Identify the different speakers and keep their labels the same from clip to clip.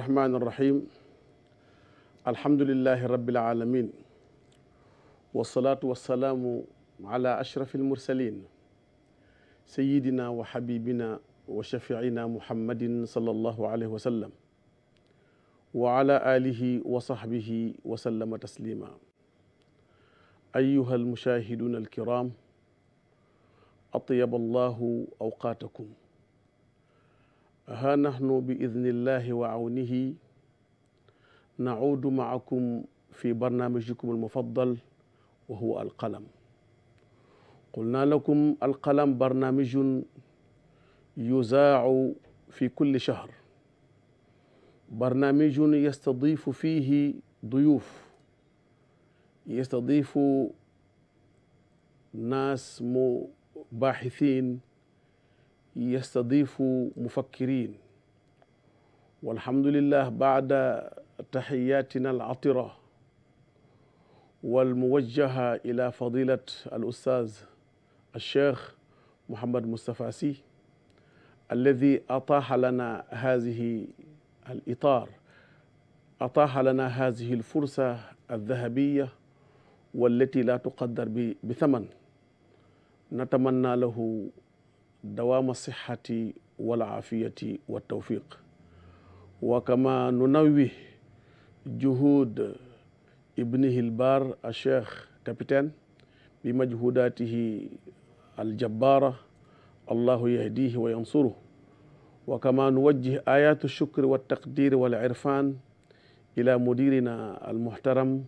Speaker 1: الرحمن الرحيم الحمد لله رب العالمين والصلاة والسلام على أشرف المرسلين سيدنا وحبيبنا وشفيعنا محمد صلى الله عليه وسلم وعلى آله وصحبه وسلم تسليما أيها المشاهدون الكرام أطيب الله أوقاتكم ها نحن بإذن الله وعونه نعود معكم في برنامجكم المفضل وهو القلم قلنا لكم القلم برنامج يذاع في كل شهر برنامج يستضيف فيه ضيوف يستضيف ناس باحثين يستضيف مفكرين والحمد لله بعد تحياتنا العطرة والموجهة إلى فضيلة الأستاذ الشيخ محمد مصطفى سي الذي أطاح لنا هذه الإطار أطاح لنا هذه الفرصة الذهبية والتي لا تقدر بثمن نتمنى له dawaama sixati wal aafiyati wa tawfiq wa kama nunawi juhud ibnihi hilbar a cheikh capitaine bi majhudatihi aljabbaara allahu yahdihi wa yansuru wa kama nuwajjih ayatu shukri wa taqdiri wal irfan ila mudirina almuhtaram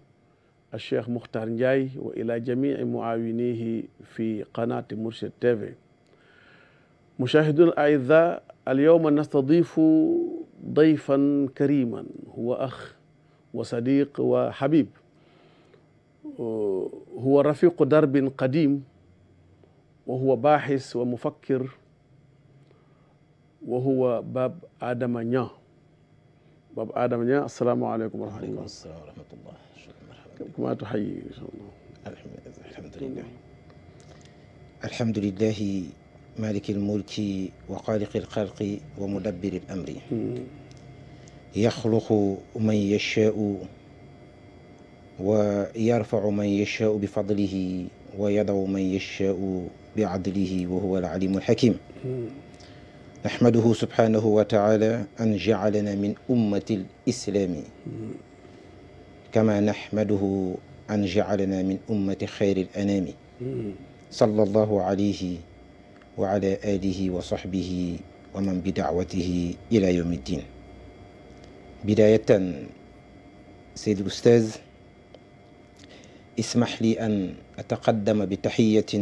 Speaker 1: الشيخ مختار نجاي وإلى جميع معاونيه في قناة مرشد تيفي مشاهدون الأعزاء اليوم نستضيف ضيفا كريما هو أخ وصديق وحبيب هو رفيق درب قديم وهو باحث ومفكر وهو باب آدم نيا باب آدم نيا السلام عليكم ورحمة الله وعليكم السلام ورحمة الله كما تحيي إن شاء الله الحمد لله
Speaker 2: الحمد لله malikil mulki wa xaaliqil xalqi wa mudabbiril amri hmm. yaxluqu man yashaau wa yarfacu man yashaau bi fadlihi wa yadacu man yashaau bi cadlihi wa huwa alcalimu alxakim naxmaduhu hmm. subhanahu wa taala an jacalana hmm. min ummati alislaami kama naxmaduhu an jacalana min ummati xayri alanaami sallallahu alayhi wa ala alihi wa sahbihi wa man bi daawatihi ila yawmi ddin bidayatan سيد الأستاذ اسمح لي أن أتقدم بتحية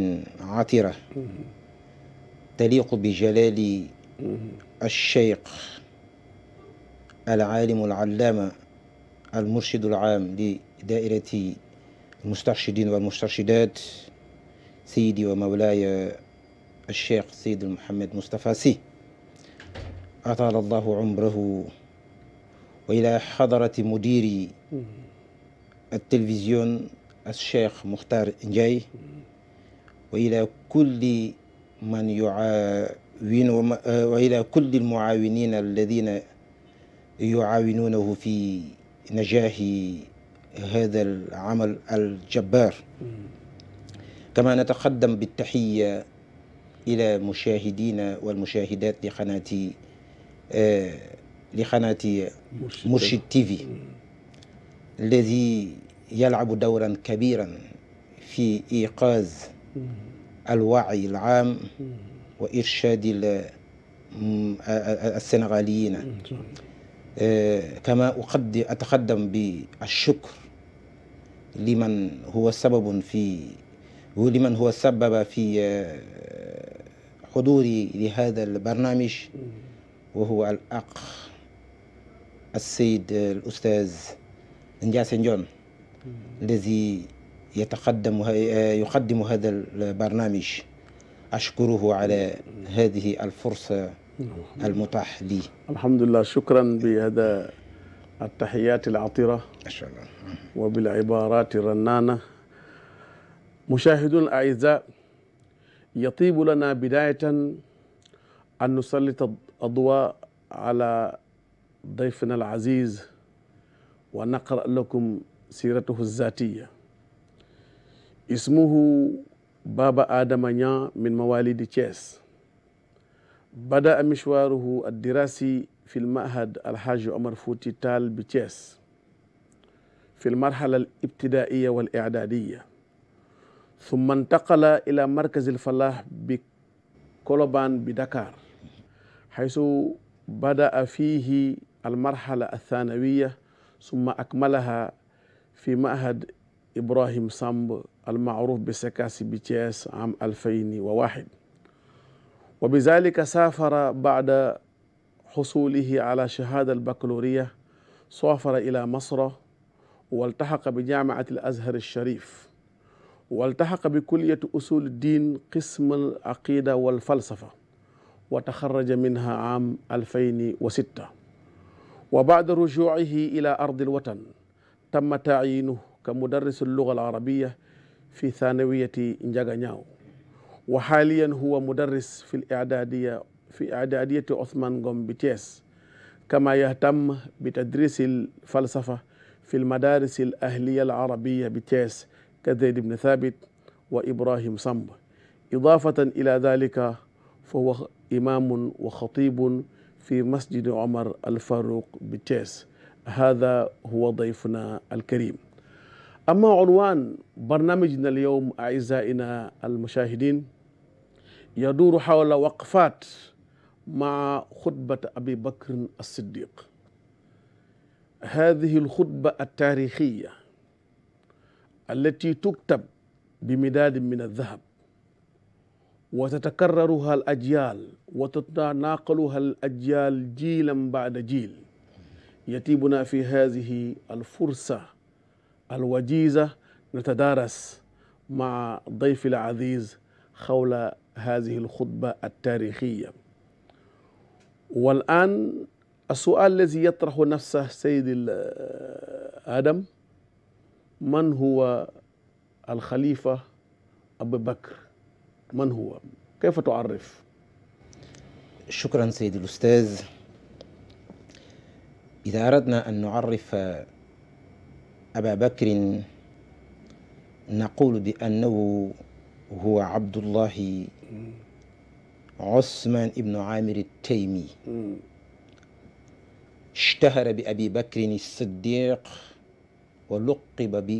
Speaker 2: عاطرة تليق بجلال الشيخ العالم العلامة المرشد العام لدائرة المسترشدين والمسترشدات سيدي ومولاي الشيخ سيد محمد مصطفى سي أطال الله عمره وإلى حضرة مدير التلفزيون الشيخ مختار نجاي وإلى كل من يعاون وإلى كل المعاونين الذين يعاونونه في نجاح هذا العمل الجبار كما نتقدم بالتحية إلى مشاهدينا والمشاهدات لقناة لقناة مرشد تيفي الذي يلعب دورا كبيرا في إيقاظ الوعي العام وإرشاد السنغاليين كما أقدم أتقدم بالشكر لمن هو سبب في ولمن هو سبب في حضوري لهذا البرنامج وهو الأخ السيد الأستاذ نجاس جون الذي يتقدم يقدم هذا البرنامج
Speaker 1: أشكره على هذه الفرصة المتاح لي الحمد لله شكرا بهذا التحيات العطرة وبالعبارات الرنانة مشاهدون الأعزاء يطيب لنا بداية أن نسلط الضوء على ضيفنا العزيز ونقرأ لكم سيرته الذاتية اسمه بابا آدم نيا من مواليد تشيس بدأ مشواره الدراسي في المعهد الحاج عمر فوتي تال بتشيس في المرحلة الابتدائية والإعدادية summa intaqala ila markazil falah bi koloban bi dakar haysu bada'a fihi almarhala athanawiya summa akmalaha fi mahad ibrahim samb almaaruf bi sekasi bi Thiès am alfayni wa waxid wa bizalika saafara bada xusulihi ala shahada albacloriya saafara ila masra waltaxaqa bi jaamiat al azhar alsharif waltaxaqa bi kulliyati usul diin qismal aqida wal falsafa wa taxaraja minha am alfayni wa sitta wa baada rujuucihi ila ardi alwatan tamma tacyiinuhu ka mudarris alluga alarabiya fi thanawiyati njaga ñaaw wa xaaliyan huwa mudarris fi licdaadiya fi icdaadiyati Ousmane Ngom bi Thiès kama yahtam bi tadrisi alfalsafa fi almadaris alahliya alarabiya bi Thiès كزيد بن ثابت وإبراهيم صمب إضافة إلى ذلك فهو إمام وخطيب في مسجد عمر الفاروق بتشيس هذا هو ضيفنا الكريم أما عنوان برنامجنا اليوم أعزائنا المشاهدين يدور حول وقفات مع خطبة أبي بكر الصديق هذه الخطبة التاريخية التي تكتب بمداد من الذهب وتتكررها الأجيال وتتناقلها الأجيال جيلا بعد جيل يتيبنا في هذه الفرصة الوجيزة نتدارس مع ضيف العزيز حول هذه الخطبة التاريخية والآن السؤال الذي يطرح نفسه سيد آدم man huwa alxalifa abu bakr man huwa kayfa tuarif
Speaker 2: شكرا سيدي الأستاذ إذا أردنا أن نعرف أبا بكر نقول بأنه هو عبد الله عثمان بن عامر التيمي اشتهر بأبي بكر الصديق wa luqiba bi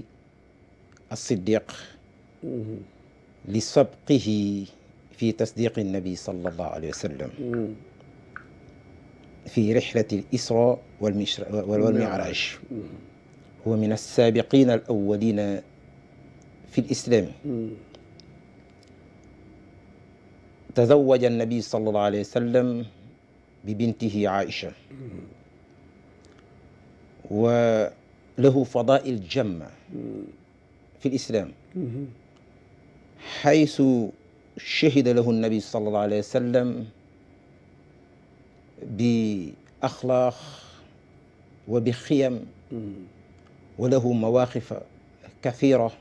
Speaker 2: as-siddiq mm-hmm. li sabqihi fi tasdiqi nabi sallallahu alayhi wa sallam mm-hmm. fi rihlati al-isra wal-mi'raj mm-hmm. huwa min as-saabiqiina al-awwaliina fi al-islaam تزوج النبي صلى الله عليه وسلم ببنته عائشة و له فضائل جمة في الإسلام حيث شهد له النبي صلى الله عليه وسلم بأخلاق وبقيم وله مواقف كثيرة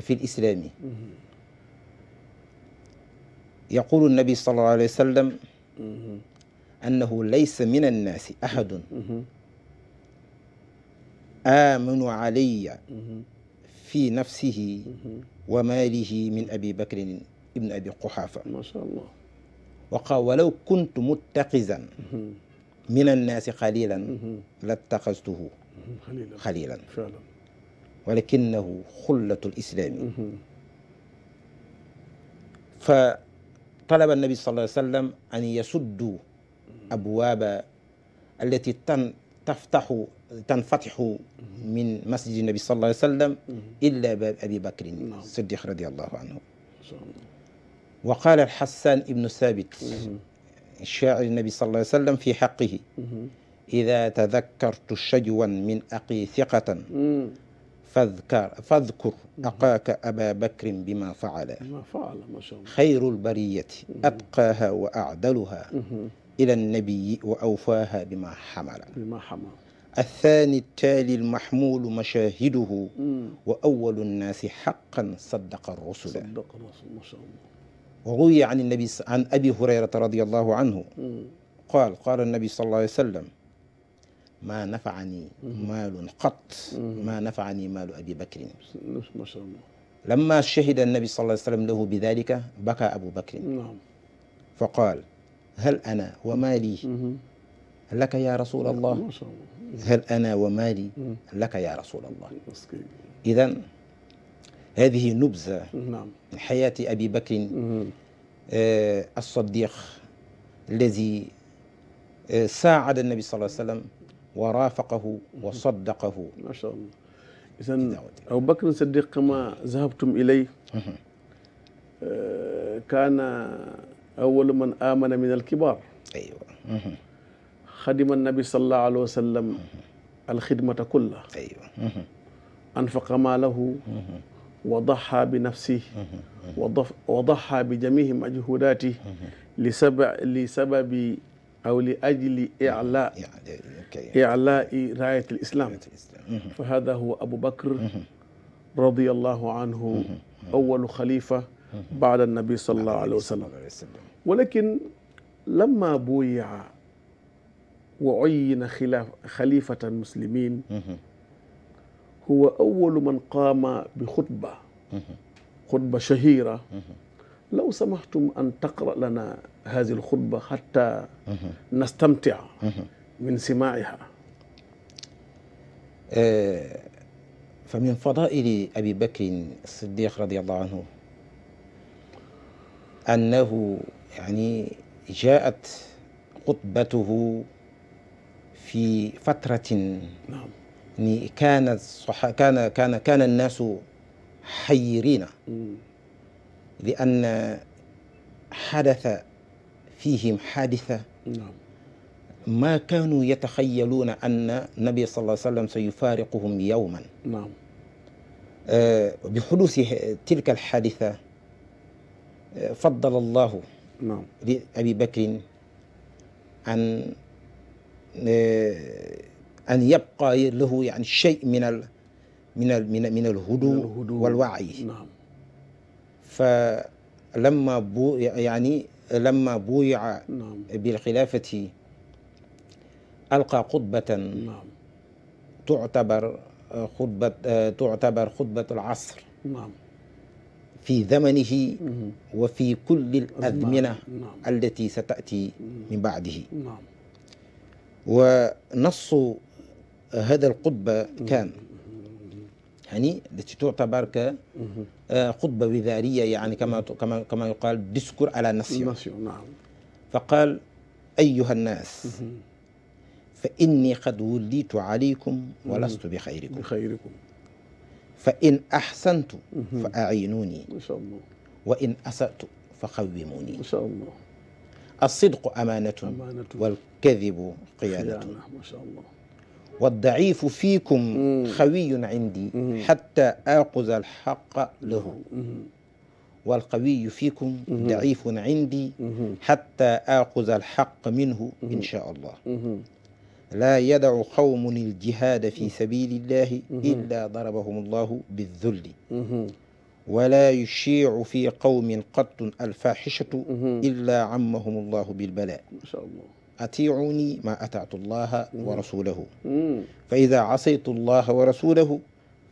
Speaker 2: في الإسلام يقول النبي صلى الله عليه وسلم أنه ليس من الناس أحد amanu alayya fi nafsihi wa maalihi min abi bakrin ibn abi quxaafa ma sha allah waqa walaw kuntu muttaqisan min annaasi xalilan lattaxastuhu xalilan walakinahu xullatu lislaami fa talaba annabi sallallahu alayhi wa sallam an yasuddu abwaaba allati tan taftaxu tanfatihu min masjidi nabi sallallahu alayhi wa sallam illa baab abi bakrin siddiq radiallahu anhu wa qala alxassan ibnu sabit shaa'ir nabi sallallahu alayhi wa sallam fi xaqihi ida tadakkartu shajwan min aqi thiqatan fadkar fadkur aqaaka aba bakrin bima faala xayru lbariyati atqaaha wa acdaluha mhm. ila annabiyi wa awfaaha bima xamala الثاني التالي المحمول مشاهده وأول الناس حقا صدق الرسل صدق الرسل ما شاء
Speaker 3: الله
Speaker 2: وروي عن النبي عن أبي هريرة رضي الله عنه قال قال النبي صلى الله عليه وسلم ما نفعني مال قط ما نفعني مال أبي بكر ما شاء الله لما شهد النبي صلى الله عليه وسلم له بذلك بكى أبو بكر نعم فقال هل أنا ومالي لك يا رسول الله ما شاء الله هل أنا ومالي لك يا رسول الله إذا هذه نبذة نعم. من حياة أبي بكر آه الصديق الذي آه
Speaker 1: ساعد النبي صلى الله عليه وسلم ورافقه وصدقه ما شاء الله إذا أبو بكر الصديق كما ذهبتم إليه آه كان أول من آمن من الكبار أيوة xadima nabi sallallahu alayhi wa sallam alxidmata kulla anfaqa maalahu wa daxa bi nafsi wa daxa bi jamihi majhudaati li saba li sababi aw li ajli ilaa ilaai raayat alislam mhm. fa hada huwa abu bakr radiallahu anhu mhm. awalu xalifa baada annabi sallallahu alayhi wa sallam walakin lamma buyi'a wa uyyina xilaaf xalifatan muslimin huwa awalu man qaama bi xutba xutba shahira law samaxtum an taqra lana hadi alxutba xata nastamtia min simaiha
Speaker 2: فمن فضائل أبي بكر الصديق رضي الله عنه أنه يعني جاءت خطبته في فترة كان الصح... كان كان كان الناس حيرين لأن حدث فيهم حادثة ما كانوا يتخيلون أن النبي صلى الله عليه وسلم سيفارقهم يوما نعم بحدوث تلك الحادثة فضل الله نعم لأبي بكر أن أن يبقى له يعني شيء من ال من ال من من الهدوء والوعي نعم فلما بو يعني لما بويع نعم. بالخلافة ألقى خطبة نعم. تعتبر خطبة تعتبر خطبة العصر نعم في زمنه وفي كل الأزمنة نعم. التي ستأتي من بعده نعم ونص هذا القطب كان يعني التي تعتبر ك قطبة وزارية يعني كما كما كما يقال ديسكور على نسيون نعم فقال أيها الناس فإني قد وليت عليكم ولست بخيركم بخيركم فإن أحسنت فأعينوني إن شاء الله وإن أسأت فقوموني إن شاء الله alsidqu amaanatun wal kadibu qiyaadatun waddaifu fiikum xawiyun indi xatta aquza alxaqa lahu walqawiyu fiikum daifun indi xatta aquza alxaq minhu inchaa allah laa yadacu qawmun aljihaada fi sabilillahi illa darabahum allahu biddulli wala yushiicu fi qawmin qattun alfaaxishatu illa ammahum allahu bilbalaa atiicuni maa ataatu allaha wa rasulahu fa ida casaytu allaha wa rasulahu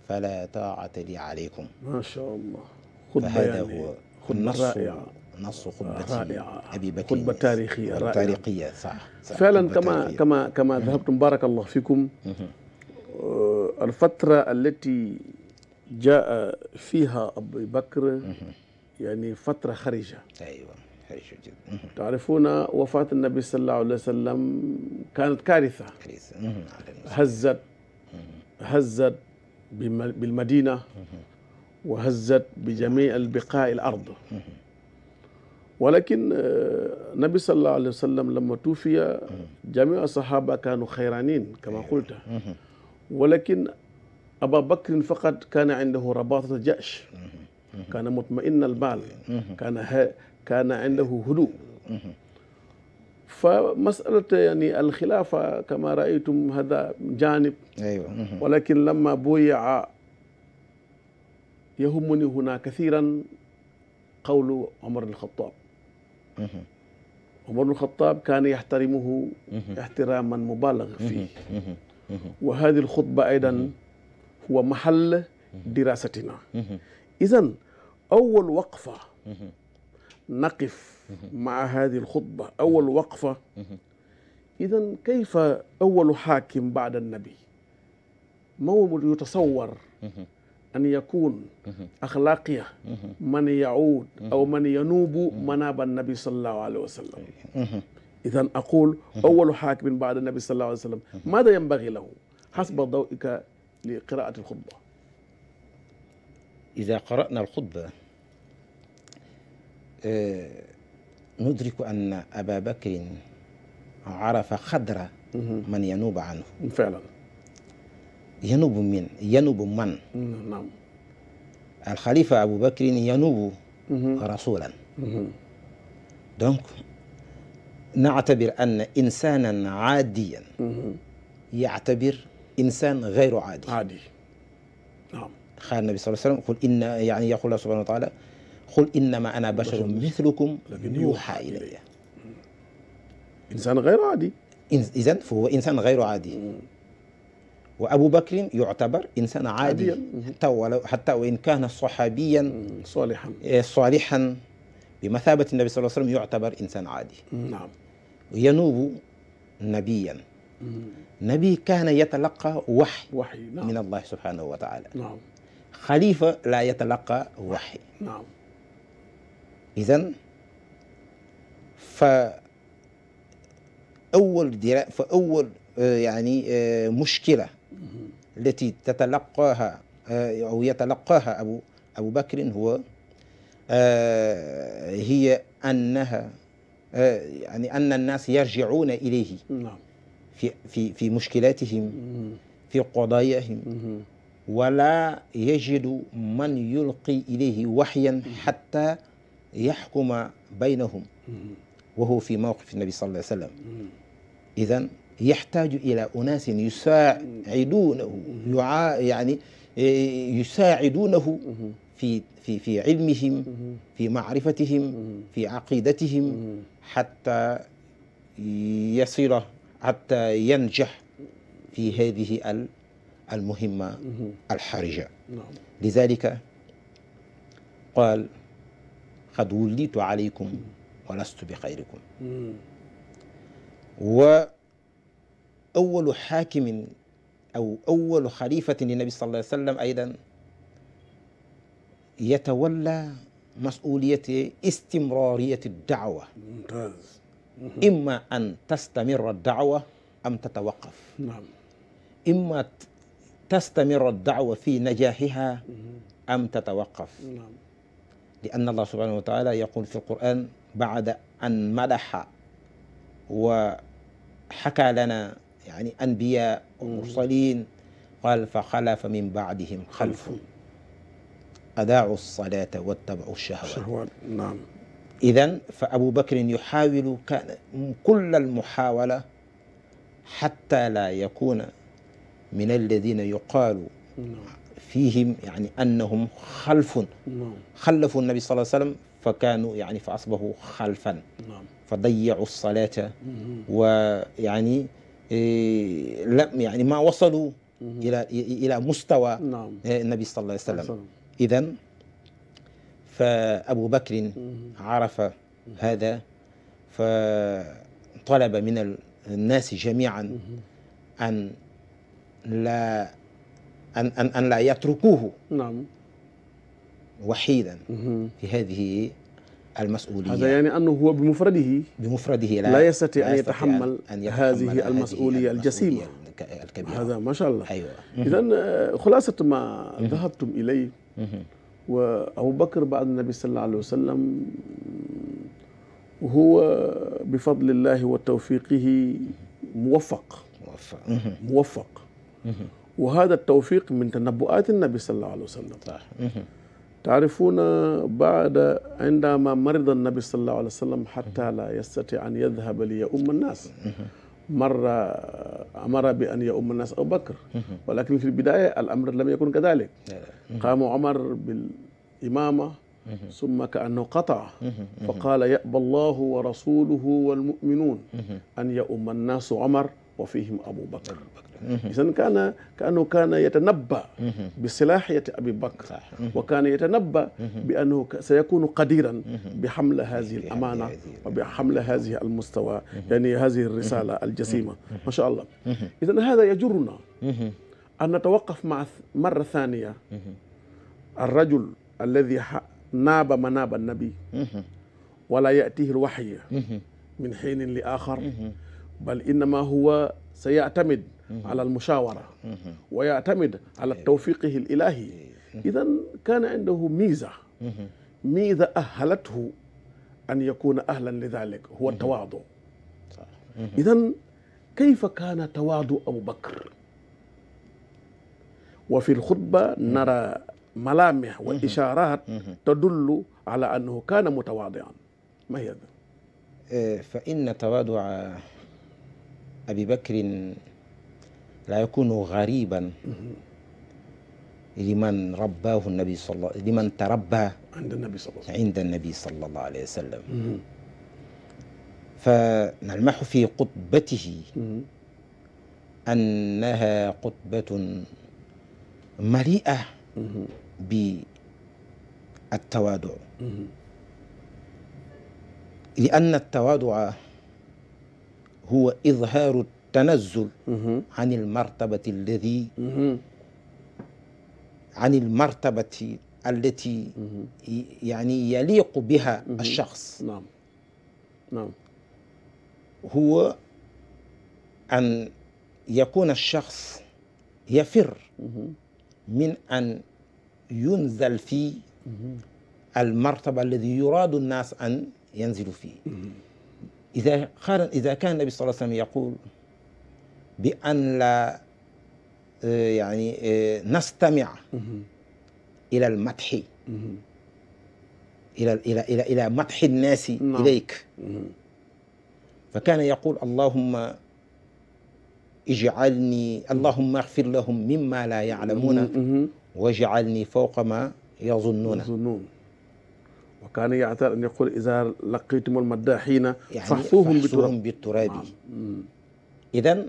Speaker 2: falaa taacata li calaykum maa shaa allah fahada huwa nasu khutbati abi bakr khutba taarikhia taarikhia sax faalan
Speaker 1: kama kama kama dahabtum baaraka allah fikum alfatra allati جاء فيها أبو بكر يعني فترة خرجة أيوة خرجة جدا تعرفون وفاة النبي صلى الله عليه وسلم كانت كارثة كارثة هزت هزت بالمدينة وهزت بجميع البقاع الأرض ولكن النبي صلى الله عليه وسلم لما توفي جميع الصحابة كانوا خيرانين كما قلت ولكن aba bakrin faqad kaana indahu rabatata jash kaana mutmain albaal kaana kaana indahu hudu فمسألة يعني الخلافة كما رأيتم هذا جانب أيوة. ولكن لما بويع يهمني هنا كثيرا قول عمر الخطاب عمر الخطاب كان يحترمه احتراما مبالغ فيه وهذه الخطبة أيضا huwa mahall dirasatina idan awal waqfa نقف مع هذه الخطبة أول وقفة إذا كيف أول حاكم بعد النبي ما هو يتصور أن يكون أخلاقية من يعود أو من ينوب مناب النبي صلى الله عليه وسلم إذا أقول أول حاكم بعد النبي صلى الله عليه وسلم ماذا ينبغي له حسب ضوئك لقراءة الخطبة
Speaker 2: إذا قرأنا الخطبة ندرك أن أبا بكر عرف خدر من ينوب عنه فعلا ينوب من ينوب من نعم الخليفة أبو بكر ينوب رسولا دونك نعتبر أن إنسانا عاديا يعتبر insan gayru aadi aadi naam xaal nabi sallallahu alayhi wa sallam qul inna yaani yaqul la subhanahu wa taala qul innama ana basharun mithlukum yuuhaa ilayya insan gayru aadi idan fa huwa insan gayru aadi wa abu bakrin yuctabar insan aadi xata wa in kaana saxaabiyan salihan salihan bimathabati nabi sallallahu alayhi wa sallam yuctabar insan aadi naam yanuubu nabiyan nabi kaana yatalaqa waxy min allah subhanahu wa taala xalifa laa yatalaqa waxy idan fa awal dira fa awal eh, yani eh, mushkila التي تتلقاها أو يتلقاها أبو أبو بكر هو هي أنها يعني أن الناس يرجعون إليه نعم في في في مشكلاتهم في قضاياهم ولا يجد من يلقي إليه وحيا حتى يحكم بينهم وهو في موقف النبي صلى الله عليه وسلم إذا يحتاج إلى أناس يساعدونه يع... يعني يساعدونه في في في علمهم في معرفتهم في عقيدتهم حتى يصل حتى ينجح في هذه المهمة الحرجة لذلك قال قد وليت عليكم ولست بخيركم وأول حاكم أو أول خليفة للنبي صلى الله عليه وسلم أيضا يتولى مسؤولية استمرارية الدعوة ممتاز imma an tastamira daawa am tatawaqaf imma tastamira daawa fi najahiha am tatawaqaf li anna allah subhanahu wa taala yaqul fi alquran bada an madaxa wa xakaa lana yani anbiya wa mm-hmm. mursalin qaal fa xalafa min baadihim xalfun adaau alsalata wattabau alshahawat naam إذا فأبو بكر يحاول كل المحاولة حتى لا يكون من الذين يقال فيهم يعني أنهم خلف خلفوا النبي صلى الله عليه وسلم فكانوا يعني فأصبحوا خلفا فضيعوا الصلاة ويعني لم يعني ما وصلوا إلى إلى مستوى النبي صلى الله عليه وسلم إذا فأبو بكر عرف هذا فطلب من الناس جميعا أن لا أن أن, أن لا يتركوه نعم وحيدا في هذه المسؤولية هذا
Speaker 1: يعني أنه هو بمفرده بمفرده لا, لا يستطيع أن يتحمل, أن يتحمل هذه المسؤولية الجسيمة الكبيرة هذا ما شاء الله أيوة إذا خلاصة ما ذهبتم إليه وأبو بكر بعد النبي صلى الله عليه وسلم هو بفضل الله وتوفيقه موفق موفق موفق وهذا التوفيق من تنبؤات النبي صلى الله عليه وسلم صح تعرفون بعد عندما مرض النبي صلى الله عليه وسلم حتى لا يستطيع أن يذهب ليؤم الناس مر امر بان يؤم الناس ابو بكر ولكن في البدايه الامر لم يكن كذلك قام عمر بالامامه ثم كأنه قطع فقال يأبى الله ورسوله والمؤمنون أن يؤم الناس عمر وفيهم أبو بكر إذا كان كأنه كان يتنبأ بصلاحية أبي بكر صح. وكان يتنبأ بأنه سيكون قديرا بحمل هذه الأمانة وبحمل هذه المستوى يعني هذه الرسالة الجسيمة ما شاء الله إذا هذا يجرنا أن نتوقف مع مرة ثانية الرجل الذي ناب مناب النبي ولا يأتيه الوحي من حين لآخر bal innama huwa sa yactamid ala almushawara wa yactamid ala tawfiqihi alilahi idan kana indahu miza miza ahalathu an yakuna ahlan lidalik huwa tawaadu idan kayfa kana tawaadu abu bakr wa fi lxutba nara ملامح وإشارات تدل على أنه كان متواضعا ما هي
Speaker 2: فإن تواضع أبي بكر لا يكون غريبا لمن رباه النبي صلى الله لمن تربى
Speaker 1: عند النبي صلى الله عليه وسلم
Speaker 2: عند النبي صلى الله عليه وسلم فنلمح في قطبته أنها قطبة مليئة بالتواضع لأن التواضع huwa idhaaru tanazul mm-hmm. an il martabati alladi mm-hmm. an il martabati allati mm-hmm. yani yaliqu biha alchaxs naam naam huwa an yakuna alchaxs yafir min an yunzal fii almartaba alladi yuraadu annaas an yanzilu fii إذا قال إذا كان النبي صلى الله عليه وسلم يقول بأن لا يعني نستمع إلى المدح إلى إلى إلى إلى مدح الناس إليك فكان يقول اللهم اجعلني اللهم اغفر لهم مما لا يعلمون
Speaker 1: واجعلني فوق ما يظنون وكان يعتاد أن يقول إذا لقيتم المداحين فاحفوهم بالتراب, بالتراب.
Speaker 2: إذا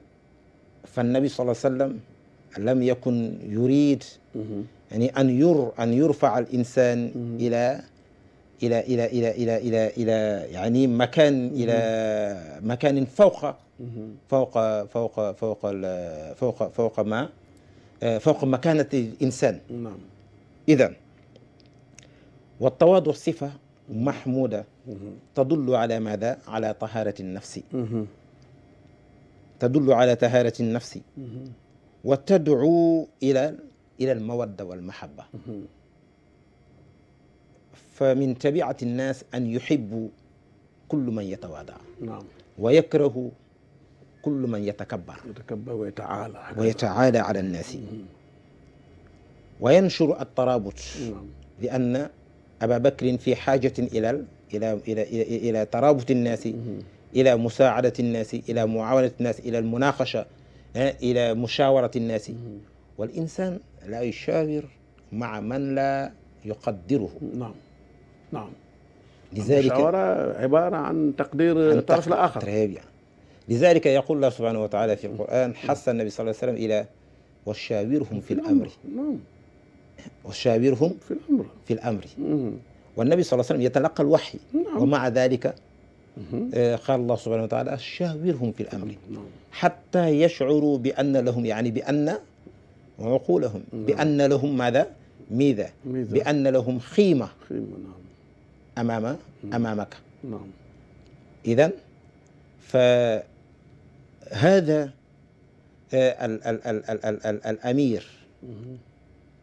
Speaker 2: فالنبي صلى الله عليه وسلم لم يكن يريد يعني أن ير أن يرفع الإنسان إلى إلى إلى إلى إلى إلى إلى يعني مكان إلى مكان فوق فوق فوق فوق فوق فوق ما فوق مكانة الإنسان نعم إذا wa tawaadu sifa mahmuda tadullu ala maada ala taharati nafsi tadullu ala taharati nafsi wa tad'u ila ila almawadda walmahabba fa min tabiati nnaas an yuhibbu kullu man yatawaada wa yakrahu kullu man yatakabbar wa yataala ala nnaasi wa yanshuru altarabut li anna aba bakrin fi xaajatin ilal ila ila ila tarabuti nnaasi ila musaadati nnaasi ila muawanati nnaasi ila almunaqasha ila eh, mushawarati nnaasi wal insan la yushawir maa man la yuqaddiruhu naam naam لذلك المشاورة عبارة عن تقدير الطرف الآخر لذلك يقول الله سبحانه وتعالى في القرآن حث النبي صلى الله عليه وسلم إلى وشاورهم في الأمر نعم وشاورهم في الأمر في الأمر والنبي صلى الله عليه وسلم يتلقى الوحي نعم. ومع ذلك قال الله سبحانه وتعالى شاورهم في الأمر حتى يشعروا بأن لهم يعني بأن وعقولهم بأن لهم ماذا ميزة بأن لهم خيمة أمام أمامك إذا فهذا الأمير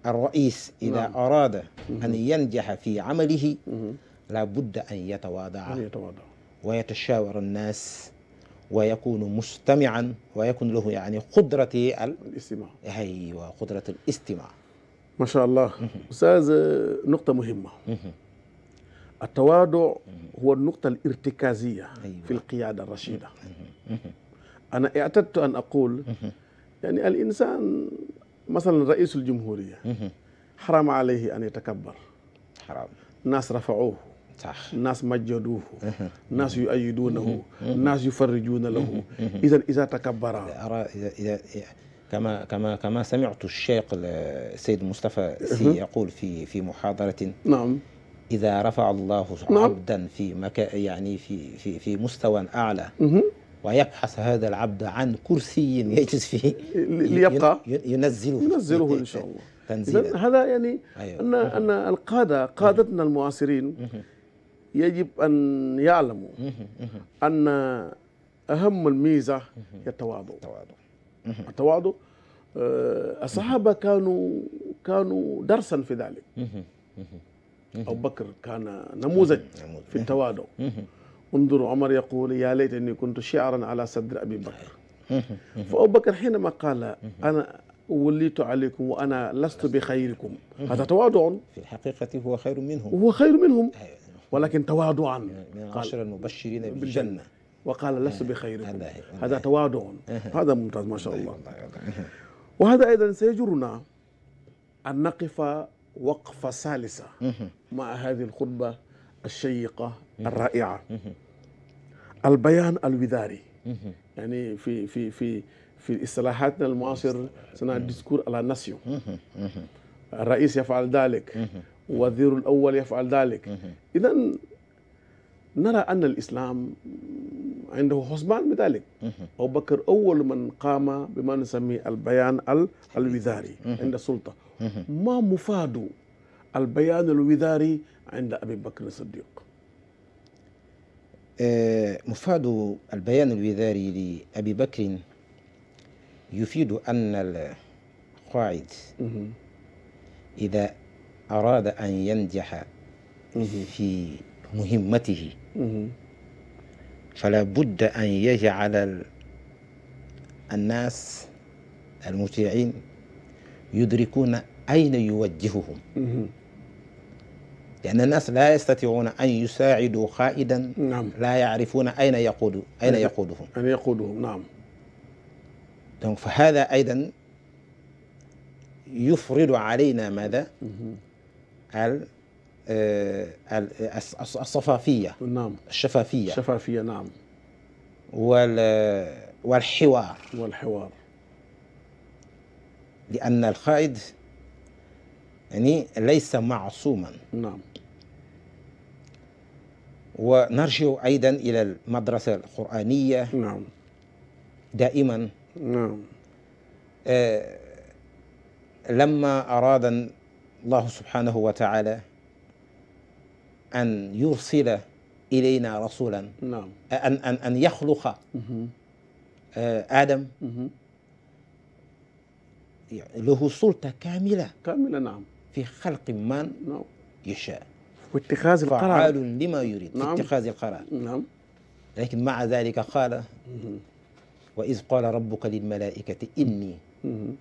Speaker 2: الرئيس إذا نعم. أراد أن ينجح في عمله لابد أن يتواضع أن يتواضع ويتشاور الناس ويكون مستمعا ويكون له يعني قدرة الاستماع أيوة قدرة الاستماع
Speaker 1: ما شاء الله أستاذ نقطة مهمة التواضع هو النقطة الارتكازية أيوة. في القيادة الرشيدة أنا اعتدت أن أقول يعني الإنسان masalan raisul jumhuriya xarama mhm. alayhi an yatakabbar xaram naas rafauhu sax naas majjaduuhu mhm. naas yu ayiduunahu mhm. naas yu farrijuuna lahu idan isa takabbara
Speaker 2: كما كما كما سمعت الشيخ السيد مصطفى سي يقول في في محاضرة نعم إذا رفع الله نعم. عبدا في مكا يعني في في في مستوى أعلى ويبحث هذا العبد عن كرسي يجلس فيه ليبقى
Speaker 1: ينزله ينزله إن شاء الله تنزيلا هذا يعني أيوة. أن أن القادة قادتنا المعاصرين يجب أن يعلموا أن أهم الميزة هي التواضع التواضع التواضع الصحابة كانوا كانوا درسا في ذلك أبو بكر كان نموذج في التواضع انظر عمر يقول يا ليتني كنت شعرا على صدر أبي بكر فأبو بكر حينما قال أنا وليت عليكم وأنا لست بخيركم هذا تواضع في الحقيقة هو خير منهم هو خير منهم ولكن تواضعا من العشر المبشرين بالجنة وقال لست بخيركم هذا تواضع هذا ممتاز ما شاء الله وهذا أيضا سيجرنا أن نقف وقفة سالسة مع هذه الخطبة الشيقة الرائعة البيان الوذاري يعني في في في في اصطلاحاتنا المعاصر صنع الديسكور على الناسيون الرئيس يفعل ذلك وزير الأول يفعل ذلك إذا نرى أن الإسلام عنده حسبان بذلك أبو بكر أول من قام بما نسميه البيان الوذاري عند السلطة ما مفاد البيان الوذاري عند أبي بكر الصديق
Speaker 2: مفاد البيان الوذاري لأبي بكر يفيد أن القاعد إذا أراد أن ينجح في مهمته فلا بد أن يجعل الناس المطيعين يدركون أين يوجههم لأن الناس لا يستطيعون أن يساعدوا قائدا نعم. لا يعرفون أين يقود أين يقودهم أين يقودهم نعم دونك فهذا أيضا يفرض علينا ماذا؟ الصفافية نعم الشفافية الشفافية نعم والحوار والحوار لأن القائد يعني ليس معصوما نعم ونرجع أيضا إلى المدرسة القرآنية نعم دائما نعم آه لما أراد الله سبحانه وتعالى أن يرسل إلينا رسولا نعم أن أن أن يخلق آدم له سلطة كاملة كاملة نعم في خلق من نعم يشاء
Speaker 1: واتخاذ القرار فعال
Speaker 2: لما يريد نعم. في اتخاذ القرار نعم لكن مع ذلك قال وإذ قال ربك للملائكة إني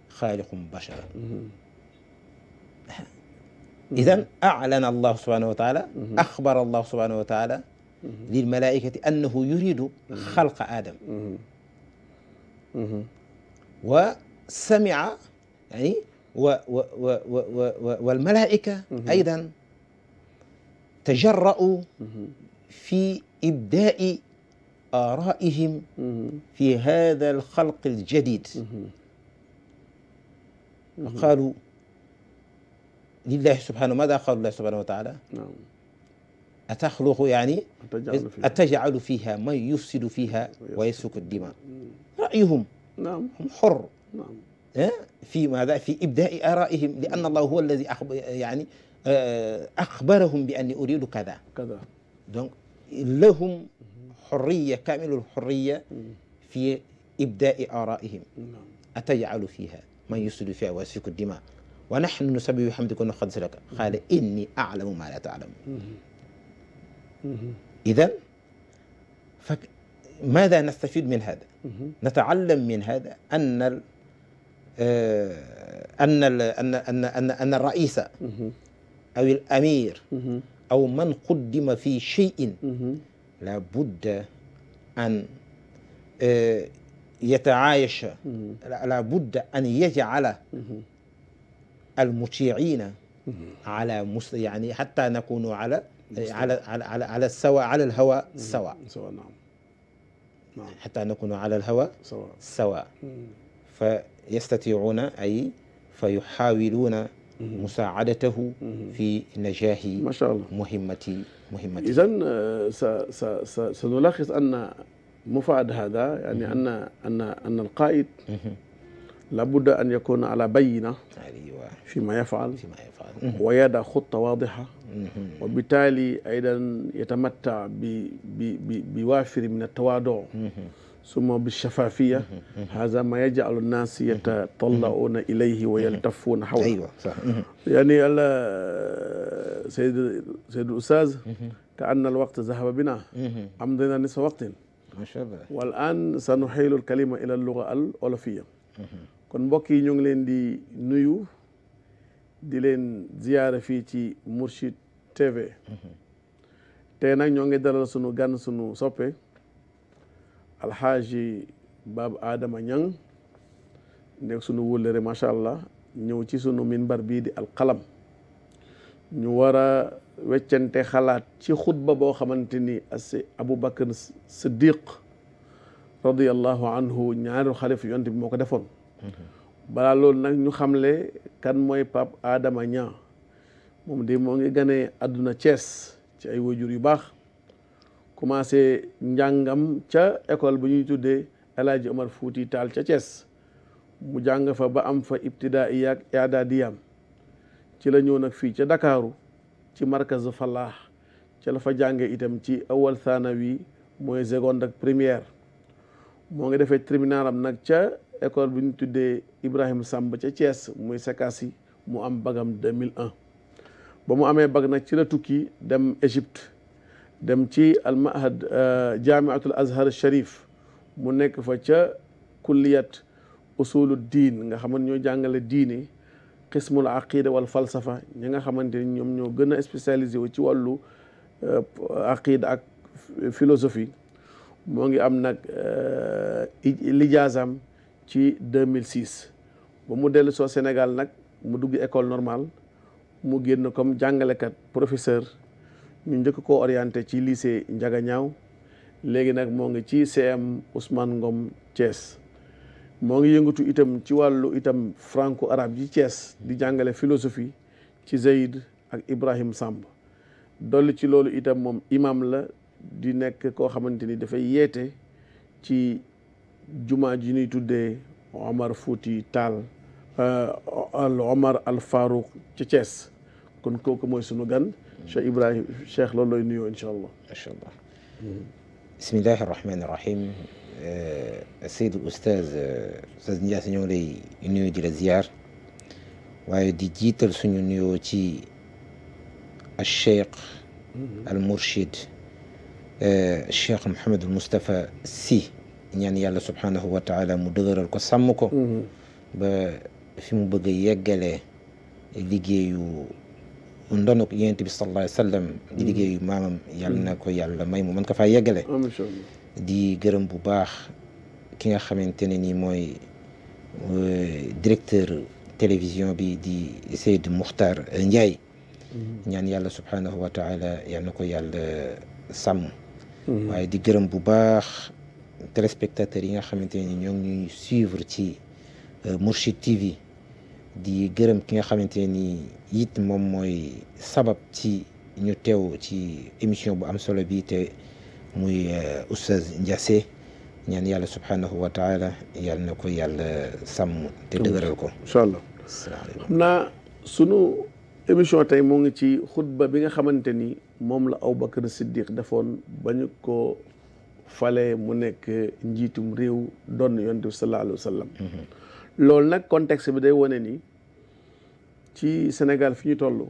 Speaker 2: خالق بشرا إذا أعلن الله سبحانه وتعالى أخبر الله سبحانه وتعالى للملائكة أنه يريد خلق آدم وسمع يعني و و و و و والملائكة أيضا تجرأوا في إبداء آرائهم في هذا الخلق الجديد وقالوا لله سبحانه ماذا قال الله سبحانه وتعالى نعم أتخلق يعني أتجعل فيها, أتجعل فيها من يفسد فيها ويسفك الدماء رأيهم نعم هم حر نعم في ماذا في إبداء آرائهم لأن الله هو الذي يعني أخبرهم بأني أريد كذا كذا دونك لهم حرية كامل الحرية في إبداء آرائهم أتجعل فيها من يفسد فيها ويسفك الدماء ونحن نسبح بحمدك ونقدس لك قال إني أعلم ما لا تعلم إذا ماذا نستفيد من هذا؟ نتعلم من هذا أن أن أن أن أن أن الرئيس أو الأمير أو من قدم في شيء لابد أن يتعايش لابد أن يجعل المطيعين على مس يعني حتى نكون على على على على السواء على الهواء سواء سواء نعم حتى نكون على الهواء سواء سواء ف yastatiuuna ay fa yuxaawiluuna musaadatahu fi najaahi ma sha allah muhimmati muhimmati
Speaker 1: idan sa sa sa sa nulaxis anna mufaad hada yani anna anna anna alqaid لابد أن يكون على بينة فيما يفعل ويدع خطة واضحة وبالتالي أيضا يتمتع بوافر من التواضع summa bichafafiya mm-hmm, mm-hmm. haha ma yajalu nnas mm-hmm. yatatalauuna ilayhi wa yaltafuuna hawla aywa yani allah seyd seyd ustaz ka anna alwaqt zahaba bina amdina nisfa waqtin wal an sa nuxiilu alkalima ila alluga al olofiya kon mbokk yi ñu ngi leen di nuyu di leen ziyaara fii ci Mourchid TV tey nag ñoo ngi dalal sunu gan sunu soppe alxaaji baab Adama Ñang nekk sunu wóllëre macha allah ñëw ci sunu minbar bii di alxalam ñu war a weccante xalaat ci xutba boo xamante ni as Aboubacar Siddiq radiallahu anhu ñaaru xalif yonte bi moo ko defoon mhm. balaa loolu nag ñu xamle kan mooy Pape Adama Niang moom de moo ngi ganee àdduna Cees ci ay wajur yu baax commencé njàngam ca école bu ñuy tuddee El Hadj Omar Fouti Taal ca Thiès mu jàng fa ba am fa ibtidaa iyaak iadaadiyaam ci la ñëw nag fii ca ndakaaru ci markazu Falah ca la fa jànge itam ci awal thanawi mooy seconde ak première moo ngi defee terminal nag ca école bu ñu tuddee Ibrahim Samb ca Thiès muy Sekasi mu am bagam 2001 ba mu amee bag nag ci la tukki dem Égypte dem ci al mahad euh, jaamiatul azhar sharif mu nekk fa ca kulliyat usulu diin nga xamante ñoo jàngale diine qismul aqida wal falsafa ñi nga xamante ñoom ñoo gën a spécialisé wu ci wàllu euh, aqida ak philosophie moo ngi am nag euh, lijaasam ci 2006 ba mu dellu soo Sénégal nag mu dugg école normal mu génn comme jàngalekat professeur ñu njëkk ko orienté ci lycée Ndiaga Niaw léegi nag moo ngi ci CM Ousmane Ngom Thiès moo ngi yëngatu itam ci wàllu itam franco arabe yi cees di jàngale philosophie ci Zayd ak Ibrahim Samb dolli ci loolu itam moom imam la di nekk koo xamante ni dafay yeete ci jumaa ji ñuy tuddee Omar Fouti Tall euh, al Omar al Farouk ci Thiès kon kooku mooy sunu gan Cheikh Ibrahim Cheikh loolu lay nuyoo incha allah. macha allah
Speaker 2: bismillahi rahmaani rahim eh, Seydou Oustaz eh, Oustaz Ndiass ñoo lay nuyoo di la ziar waaye di jiital suñu nuyoo ci Cheikh al Mourchid eh, Cheikh Mouhamadul Moustapha Sy ñaan yàlla subhaanahu wa taala mu dëgëral ko sàmm ko. Mm-hmm. ba fi mu bëgg a yeggalee liggéeyu. ndonuk yonent bi sallallahu alayhi wa sallam di mm-hmm. liggéeyu maamam yàlla na mm-hmm. ko yàlla may mu mën ko faa yeggale di gërëm bu baax ki nga xamante ne nii mooy euh, directeur télévision bi di Seydou Moukhtar Ndiaye
Speaker 3: mm-hmm.
Speaker 2: ñaan yàlla subhanahu wa yal na ko yàlla sàmm waaye di gërëm bu baax téléspectateurs yi nga xamante ne ñoo ngi suivre ci euh, Mourchid TV di gërëm ki nga xamante ni it moom mooy sabab ci ñu teew ci émission bu am solo bi te muy euh, oustaz Ndiassé ñaan yàlla subhanahu wa taala yàlla na ko yàlla sàmm te dëgëral ko incha allah
Speaker 1: sunu émission tey moom ngi ci xutba bi nga xamante ni moom la Abubakar Siddiq defoon ba ko fale mu nekk njiitum réew doon yonent bi sallallahu alayhi wa sallam mm-hmm. loolu nag contexte bi day wane ni ci Sénégal fi ñu toll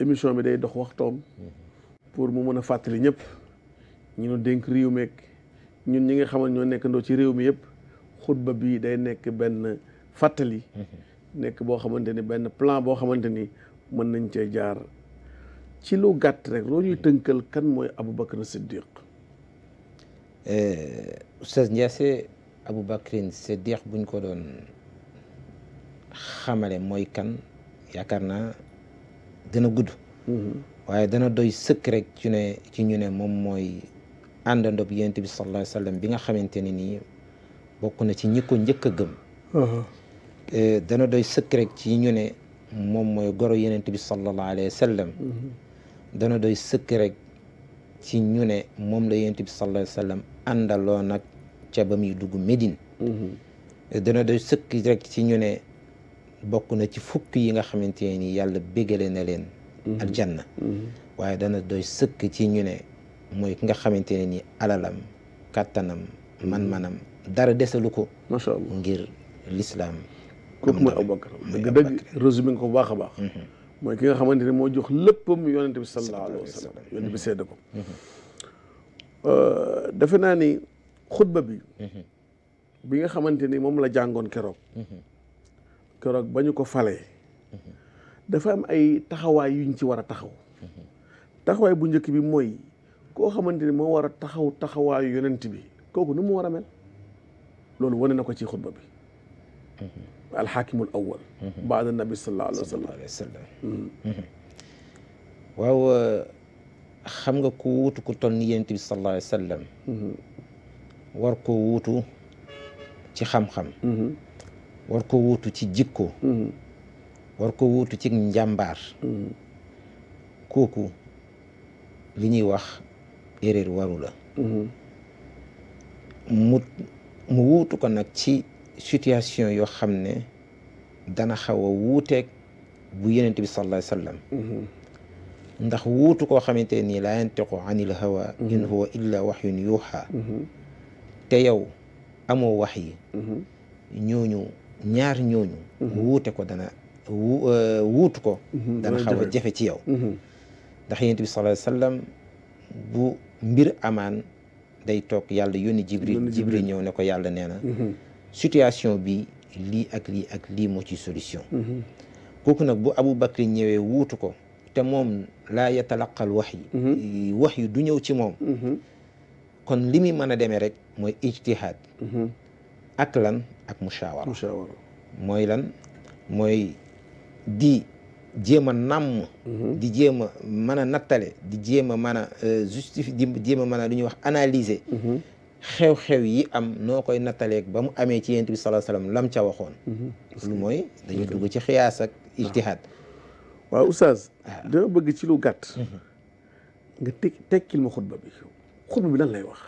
Speaker 1: émission bi day dox waxtoom pour mu mën a fàttali ñëpp ñu nu dénk réew meeg ñun ñi nga xam ne ñoo nekkandoo ci réew mi yëpp xutba bi day nekk benn fàttali nekk boo xamante ni benn plan boo xamante ni mën nañ cee jaar ci lu gàtt rek loo ñuy tënkal kan mooy Aboubacar Siddiq eh, Oustaz Ndiasse abu bakrin siddiq
Speaker 2: buñ ko doon xamale mooy kan yaakaar na dana gudd mm-hmm. waaye dana doy sëkk rek ci ne ci ñu ne moom mooy àndandob yonent bi sallallahu sallam bi nga xamante ne nii bokk na ci ñi njëkk a gëm uh-huh. eh, dana doy sëkk ci ñu ne moom mooy goro yenent bi sallallahu alayhi wa sallam mm-hmm. dana doy sëkk rek ci ñu ne moom la yonent bi sallallahu wa sallam àndaloo nag ca ba muy dugg Médine mm-hmm. eh, dana doy sëkk rek ci ñu ne bokk na ci fukk yi nga xamante ne nii yàlla bégale na leen mm-hmm. aljanna mm-hmm. waaye dana doy sëkk ci ñu ne mooy ki nga xamante ne nii alalam kàttanam man-manam dara desalu ko macha
Speaker 1: ngir lislaam kooku mooy Abubakar dëgg dëgg résumé nga ko baax a baax mooy ki nga xamante ne moo jox léppam yonente bi sallallahu alayhi wa sallam yonente ko euh, defe naa ni xutba bi mhm. bi nga xamante ni moom la jàngoon keroog mhm. keroog ba ñu ko falee mhm. dafa am ay taxawaay yuñ ci war a taxaw taxawaay bu njëkk bi mooy koo xamante ni moo war a taxaw taxawaayu yonent bi kooku nu mu war a mel loolu wane na ko ci xutba bi alxaakimul awal baada nabi sallallahu alayhi wa sallam euh, xam nga ku wutu ku toll ni yonent
Speaker 2: bi war ko wuutu ci xam-xam mhm. war ko wuutu ci jikko mhm. war ko wuutu ci njàmbaar mhm. kooku li ñuy wax erreur waru la mu mu wuutu ko nag ci situation yoo xam ne dana xaw a wuuteeg bu yenent bi sallallahu alayhi wasallam ndax wuutu koo xamante nii laa yantiqu anil hawa in huwa illa wahyun yuha te yow amoo wax yi mhm. ñooñu ñaar ñooñu mhm. wuute ko dana wu euh, wuutu ko mhm, dana xaw jafe ci yow ndax yonent bi sallallahu alayhi bu mbir amaan day toog yàlla yónni jibril jibril ñëw ne ko yàlla nee na situation bi lii ak lii ak lii moo ci solution kooku nag bu Abu Bakri ñëwee wuutu ko te moom laa yatalaqal wax yi wax du ñëw ci moom kon li muy mën a demee rek mooy ijtihaad mhm. ak lan ak mushawara mooy lan mooy di jéem a nàmm mhm. di jéem a mën a nattale di jéem a mën a euh, justifier di jéem a mën a lu ñuy wax analyser mhm. xew-xew yi am noo koy nattaleek ba mu amee ci yonent bi sallallahu lam ca waxoon mooy dañu dugg ci xiyaas ak ijtihaad
Speaker 1: waaw oustaz ah. dama bëgg ci lu gàtt nga tek tekkil xutba bi xutba bi lan lay wax.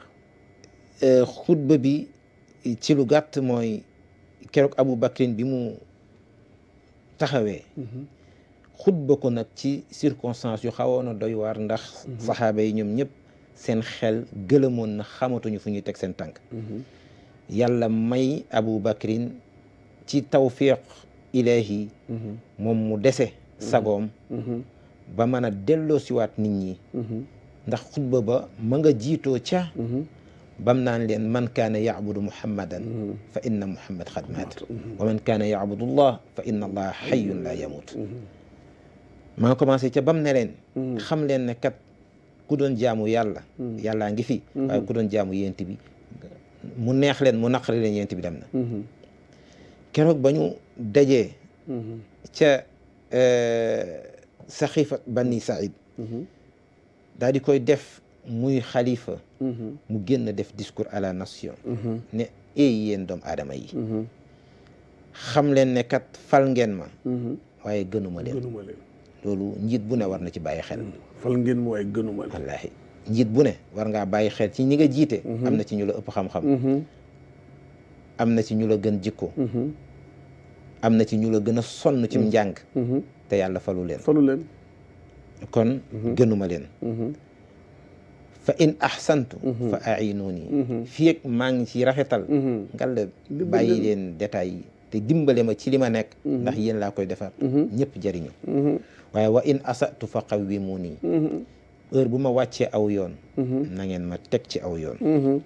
Speaker 1: Eh, xutba bi ci lu gàtt mooy
Speaker 2: keroog Abu Bakrin bi mu taxawee. Mhm. xutba ko nag ci circonstance yu xawoon a doy waar ndax. Mhm. saxaaba yi ñoom ñëpp seen xel gëlëmoon na xamatuñu fu ñuy teg seen tànk. Mhm. yàlla may Abu Bakrin ci tawfiq ilaahi moom mu dese. sagoom. ba mën a delloo siwaat nit ñi. ndax xutba ba ma nga jiitoo ca mhm. bam naan leen man kaana yacbudu muhammadan mhm. fa inna muhammad xad maat mhm. wa man kaana yacbudu allah fa inna allah xayun laa yamut ma nga commencé ca bam ne leen xam leen ne kat ku doon jaamu yàlla yàllaa ngi fi waaye ku doon jaamu yent bi mu neex leen mu naqari leen yent bi dem na keroog ba ñu dajee ca eh, saxiifa bani saïd daal di koy def muy xalifa mhm. mu génn def discours à la nation mhm. ne ay yéen doomu aadama yi mhm. xam leen ne kat fal ngeen ma waaye gënuma leen loolu njiit bu ne war na ci bàyyi xel fal ngeen ma gënuma njiit bu ne war ngaa bàyyi xel ci ñi nga jiite am na ci ñu la ëpp xam-xam am na ci ñu la gën jikko am na ci ñu la gën a sonn ci njàng te yàlla falu leen kon mhm. gënuma leen mhm. fa in ahsantu mhm. fa a'inuuni fii ak maa ngi ci rafetal ngal la bàyyi leen détails yi te dimbale ma ci li ma nekk ndax yéen laa koy defar ñëpp jëriñu waaye wa in asatu fa qawwimuuni heure bu ma wàccee aw yoon nangeen ma teg ci aw yoon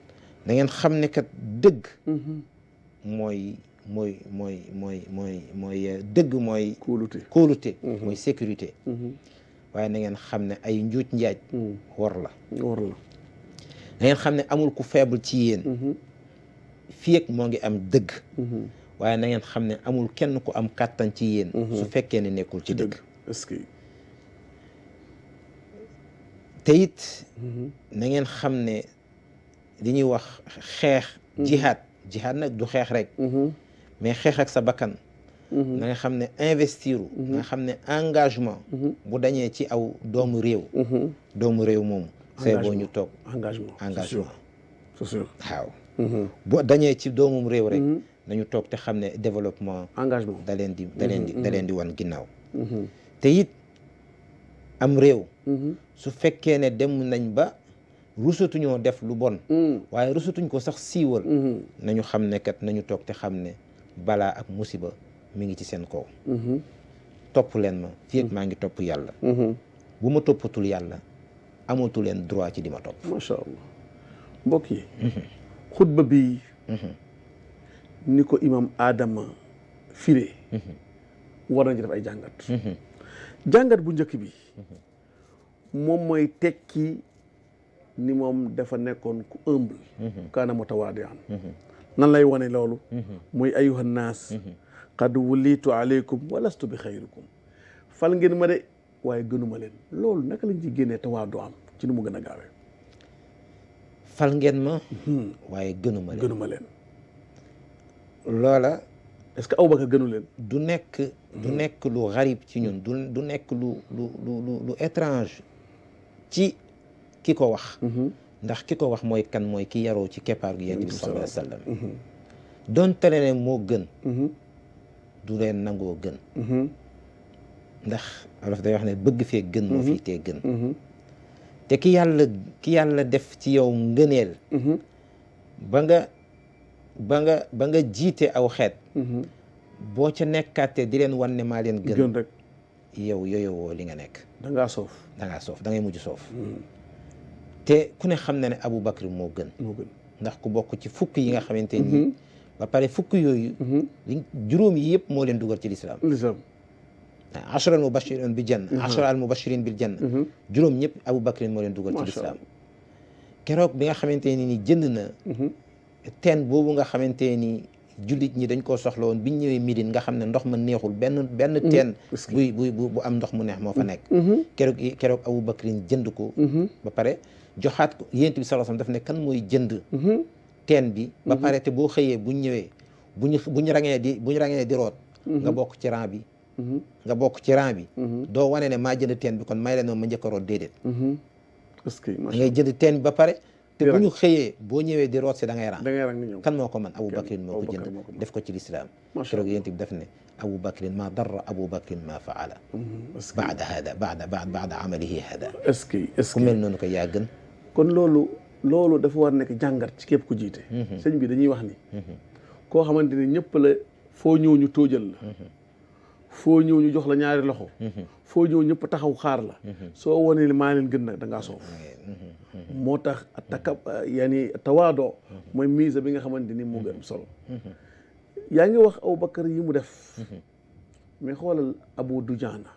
Speaker 2: na xam ne kat dëgg mooy mooy mooy mooy mooy euh, dëgg mooy kóolute mooy sécurité waaye nangeen xam ne ay njuuj njaaj hmm. war la war la xam ne amul ku faible ci yéen hmm. fii moo ngi am dëgg hmm. waaye na ngeen xam ne amul kenn ku am kàttan ci yéen su fekkee ne nekkul ci dëgg est-ce que te it xam ne li ñuy wax xeex jihaad jihaad nag du xeex rek mais xeex ak sa bakkan Mhm. na nga xam ne investiru mhm. na nga xam ne engagement mhm. bu dañee ci aw doomu réew doomu réew moomu c'est boo ñu toog engagement engagement c'est sûr waaw bu dañee ci doomu réew rek nañu toog te xam ne développement engagement da leen di da leen di da leen di wan ginnaaw te it am réew su fekkee ne dem nañ ba rusatuñoo def lu bon waaye rusatuñ ko sax siiwal nañu xam ne kat nañu toog te xam ne balaa ak musiba mi ngi ci seen kaw mm-hmm. topp leen ma fii ak mm-hmm. maa ngi topp yàlla mm-hmm. bu ma toppatul yàlla amatu leen droit ci di ma topp macha allah
Speaker 1: mbokk xutba bi ni ko imam Adama firee war nañ def ay jàngat jàngat bu njëkk bi moom mooy tekki ni moom dafa nekkoon ku humble kaana mutawaadian nan lay wane loolu muy ayuha qad wulitu aleykum walastu bi xayrikum fal ngeen ma de waaye gënuma leen loolu nag lañ ci génnee tawaadu am ci nu mu gën a gaawee fal ngeen ma hmm. waaye gënuma leen gënuma leen
Speaker 2: loola est-ce que Abubakar gënu leen du nekk du hmm. nekk lu xarib ci ñun du du nekk lu lu lu lu étrange ci ki ko wax hmm. ndax ki ko wax mooy kan mooy ki yaroo ci keppaar gu Yonent bi sallallahu alayhi wa sallam doon tele ne moo gën du leen nangoo gën mhm. ndax olof day wax ne bëgg fee gën moo mhm. fii tee gën mhm. te ki yàlla ki yàlla def ci yow ngëneel ba nga ba nga ba nga jiite aw xeet boo ca nekkaatee di leen wan ne maa leen gën rek yow yooyowoo li nga nekk dangaa soof dangaa soof da ngay mujj soof te ku ne xam na ne Aboubacar moo gën moo gën ndax ku bokk ci fukk yi nga xamante ni ba pare fukk yooyu mhm. liñ juróom yi yëpp moo leen dugal ci lislaam ashra al mubashirin bil janna mhm. ashra al mubashirin bil janna mhm. juróom ñëpp Abu Bakrin moo leen dugal ci lislaam keroog bi nga xamante ne ni jënd na teen boobu nga xamante ni jullit ñi dañ koo soxla woon biñ ñëwee Médine nga xam ne ndox ma neexul benn benn teen buy bu am ndox mu neex moo fa nekk keroog keroog Abu Bakrin jënd ko ba pare joxaat ko yént bi sallallahu alayhi wasallam ne kan mooy jënd teen bi ba mhm. pare te boo xëyee buñ ñëwee buñu buñ rangee di buñ rangee di root mhm. nga bokk ci rang bi mhm. nga bokk ci rang bi doo wane ne maa jënd teen bi kon ma leen noonu ma njëkk a root déedéet parce que teen bi ba pare te bu ñu xëyee boo ñëwee di root si danga ngay rang kan moo ko man abou bakrin moo ko jënd def ko ci lislaam keroog yéen bi def ne abou bakrin ma darra abou bakrin ma faala baada
Speaker 1: hada baada baada amalihi hada
Speaker 2: est-ce que ku mel noonu ko yaa gën
Speaker 1: kon loolu loolu dafa war nekk jàngat ci képp ku jiite. Mhm. sëñ bi dañuy wax ni. Mhm. koo xamante ni ñëpp la foo ñëw ñu tóojal la. Mhm. foo ñëw ñu jox la ñaari loxo. foo ñëw ñëpp taxaw xaar la. soo wane ni maa leen gën nag dangaa ngaa soof. moo tax takab yaani tawaadoo. mooy mise bi nga xamante ni moo gën solo. yaa ngi wax Aboubacar yi mu def. mais xoolal Abu Dujaana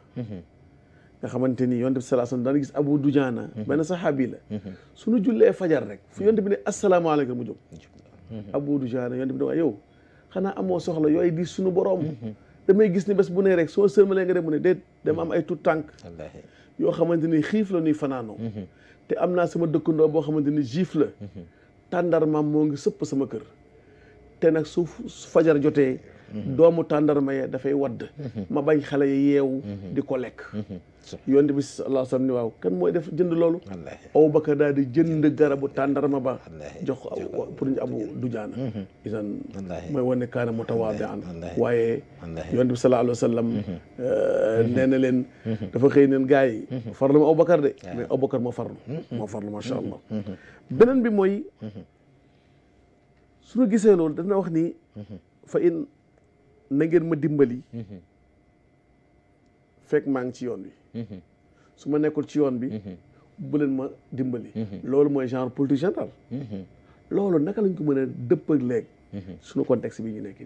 Speaker 1: nga xamante ni yonent bi sallallahu alayhi wasallam daana gis Abu Dujaana mhm. benn saxaabi la mhm. suñu jullee fajar rek fu yonent bi ne asalaamaaleykum mu jóg mhm. Abu Dujaana yonent bi ne xanaa amoo soxla yooyu di suñu borom damay gis ni bés bu ne rek soo sërmalee nga mu ne déet dama am ay tut tànk yoo xamante ni xiif la ñuy fanaanoo te am naa sama dëkkandoo boo xamante ni juif la tàndarmaam moo ngi sëpp sama kër te nag su fajar jotee Mm-hmm. doomu tàndarma ya dafay wadd mm-hmm. ma bañ xale yi yeewu mm-hmm. di ko lekk yonent bi sallallahu alayhi wasallam ni waaw kan mooy def jënd loolu Abubakar daal di jënd garabu tàndarma ba jox pour ñu abu dujaana isan mooy wane kaana mutawaadian waaye yonent bi sallallahu alayhi wasallam euh, nee na leen dafa xëy neen gars yi farlu ma Abubakar de mais Abubakar moo farlu moo bi mooy suñu gisee loolu dana wax ni fa in na ngeen ma dimbali. Mhm. fekk maa ci yoon bi. Mhm. su ma nekkul ci yoon bi. Mhm. bu leen ma dimbali. loolu mooy genre politique
Speaker 4: générale.
Speaker 1: loolu naka lañ ko mën a dëpp ak
Speaker 2: léegi.
Speaker 1: contexte bi ñu nekk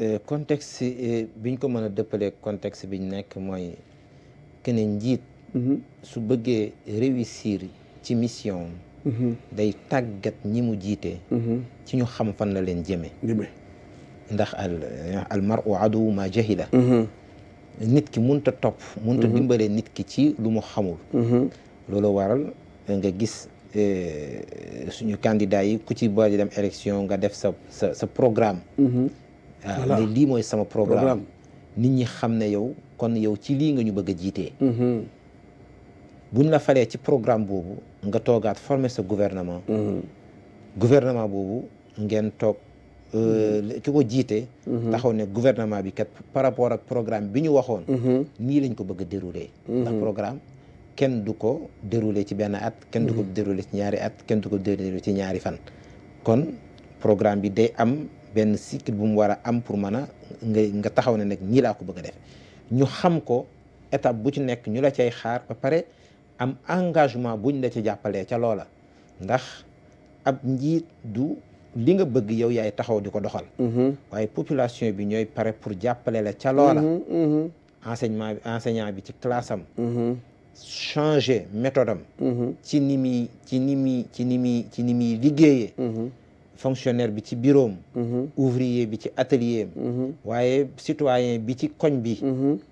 Speaker 2: euh, euh, biñ ko mën a dëppalee bi ñu nekk mooy keneen njiit. su bëggee réussir ci mission day tàggat ñi mu jiite. ci ñu xam fan la leen jëmee. ndax al eh, al mar'u aduw ma jahila mhm. nit ki munta topp munta mhm. dimbale nit ki ci lu mu xamul mhm. loolu waral eh, nga gis eh, suñu candidat yi ku ci bari dem élection nga def sa sa sa programme waaw ah, lii mooy sama programme nit ñi xam ne yow kon yow ci lii nga ñu bëgg a jiitee buñ la falee ci programme boobu nga toogaat forme sa gouvernement gouvernement boobu ngeen toog Euh, ki ko jiite. Mhm. taxaw ne gouvernement bi kat par rapport ak programme bi ñu waxoon. Mhm. nii lañ ko bëgg a dérouler. Mhm. ndax programme kenn du ko dérouler ci benn at. kenn du ko dérouler ci ñaari at kenn du ko dérouler ci ñaari fan. kon programme bi day am benn cycle bu mu war a am pour mën a nga nga taxaw ne nag ñii laa ko bëgg a def ñu xam ko étape bu ci nekk ñu la cay xaar ba pare am engagement buñ la ci jàppalee ca loola ndax ab njiit du. li nga bëgg yow yaay taxaw di ko doxal mhm. waaye population bi ñooy pare pour jàppale la ca loola mhm, mhm. enseignement bi enseignant bi ci classe am ci ni muy ci ni muy ci ni muy ci ni muy liggéeyee fonctionnaire bi ci bureau am ouvrier bi ci atelier am waaye citoyen bi ci koñ bi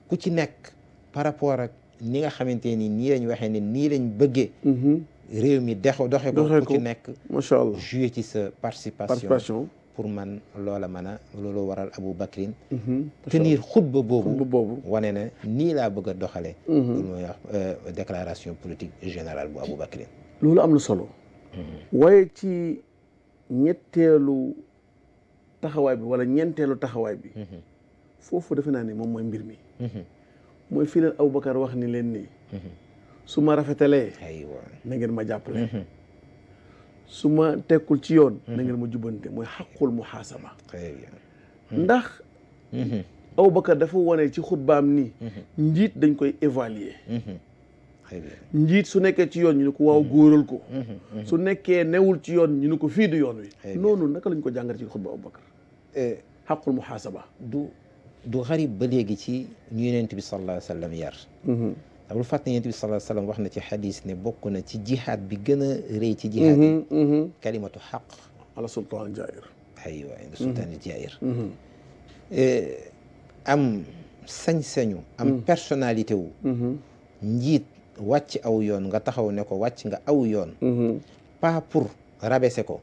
Speaker 2: ku ci nekk par rapport ak ni nga xamante ni nii waxee ne nii lañ réew mi dex doxe ko ku ci nekk macha allah joué ci sa participation pour man loola mën a loolu waral Abu Bakrin
Speaker 3: mhm. tenir
Speaker 2: xutba ba boobu wane na nii laa bëgg a doxalee mhm. euh, déclaration politique général bu Abu Bakrin loolu am na solo
Speaker 1: mhm. waaye ci ñetteelu taxawaay bi wala ñeenteelu taxawaay bi foofu defe naa ne moom mooy mbir mi mooy fii leen Aboubacar wax ni leen nii su ma rafetalee na nangeen ma jàppale mhm. su ma tekkul ci yoon nangeen mhm. ma jubbante mooy xaqul muhaasaba mhm. ndax Aboubacar dafa wane ci xutbaam ni njiit dañ koy évaluer njiit su nekkee ci yoon ñu ne ko waaw góoral ko su nekkee newul ci yoon ñu ne ko fii di yoon wi noonu naka lañ ko jàngat ci xutba Aboubacar xaqul eh, muhaasaba
Speaker 2: du du xarit ba léegi ci ñu Yonent bi sallallahu alayhi yar bul fàtte yonent bi sallallahu alayhi wasallam wax na ci xadis ne bokk na ci jihaad bi gën a rëy ci jihaad yi mm-hmm, mm-hmm. kalimatu xaq ala sultaan jair aywa inda mm-hmm, eh, am sañ-sañu am personnalité wu njiit wàcc aw yoon nga taxaw ne ko wàcc nga aw yoon pas pour rabaisser ko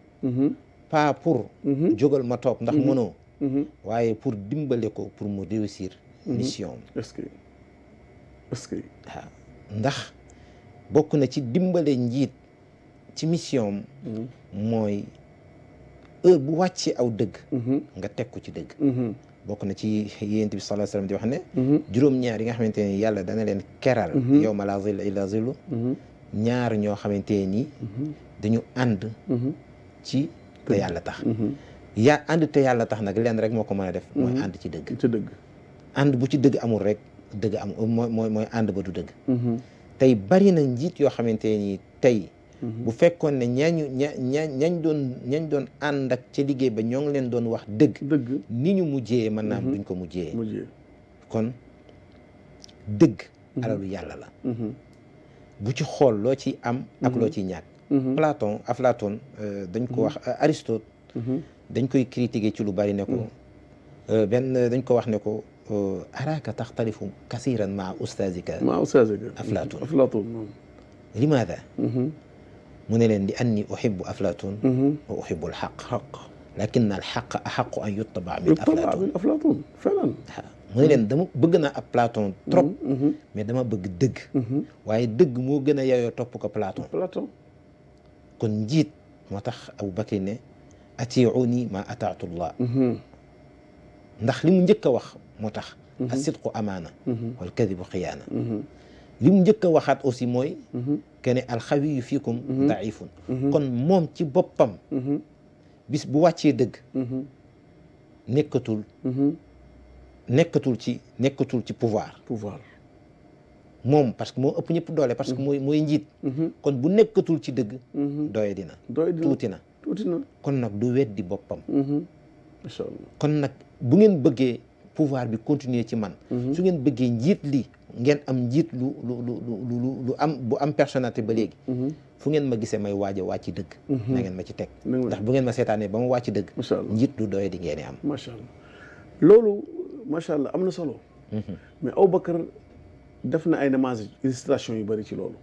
Speaker 2: pas pour jógal ma toog ndax mënoo waaye pour dimbale ko pour mu réussir mission parce que ah, ndax bokk na ci dimbale njiit ci mission mhm. mooy heure bu wàccee aw dëgg mhm. nga teg ko ci dëgg mhm. bokk na ci yéent bi sallallahu alayhi wa wax ne juróom-ñaar yi nga xamante ne yàlla dana leen keral yow ma laa zilla illa zillu ñaar ñoo xamante ni dañu ànd ci te yàlla tax yaa ànd te yàlla tax nag leen rek moo ko mën a def mooy ànd ci dëgg ci dëgg ànd bu ci dëgg amul rek dëgg am mooy mooy ànd ba du dëgg mm-hmm. tey bari na njiit yoo xamante ni tey mm-hmm. bu fekkoon ne ñañu ña ña ñañ doon ñañ doon ànd ak ca liggéey ba ñoo ngi leen doon wax dëgg dëgg ni ñu mujjee man naa am mm-hmm. duñ ko mujjee kon dëgg alalu yàlla la bu ci xool loo ciy am ak loo ciy ñàkk Platon Aflaton euh, dañ ko wax Aristote dañ koy critiquer ci lu bari ne ko euh, benn dañ ko wax ne أراك تختلف كثيرا مع أستاذك مع أستاذك أفلاطون أفلاطون لماذا؟ mu ne leen li anni uhibbu aflatun wa uhibbu alxaq xaq lakin alxaq axaqu an yuttaba min aflatun aflatun falan mu ne leen dama bëgg naa ab platon trop mais dama bëgg dëgg waaye dëgg moo gën a yaayoo topp ko platon platon kon njiit moo tax Abu Bakri ne atiuni ma ataatullah ndax li mu njëkk a wax moo tax mhm. asidqu amaana mhm. wal kadibu mhm. mu njëkk a waxaat aussi mooy kene alxawiyu fiikum daifun kon moom ci boppam bu wàccee dëgg nekkatul nekkatul ci nekkatul ci pouvoir pouvoir moom parce que moo ëpp ñëpp doole parce que mooy mooy njiit kon bu nekkatul ci dëgg doye dina tuuti na kon nag du weddi boppam kon nag bu ngeen bëggee pouvoir bi continuer ci man mhm. su ngeen bëggee njiit li ngeen am njiit lu lu lu lu lu am bu am personnalité ba léegi mhm. fu ngeen ma gisee may waaj a wàcc dëgg mhm. na ngeen ma ci teg ndax bu ngeen ma seetaanee ba ma wàcc dëgg njiit lu doye di ngeen am
Speaker 1: macha allah loolu macha allah am na solo mais Aboubacar def na ay namage illustration yu bëri ci loolu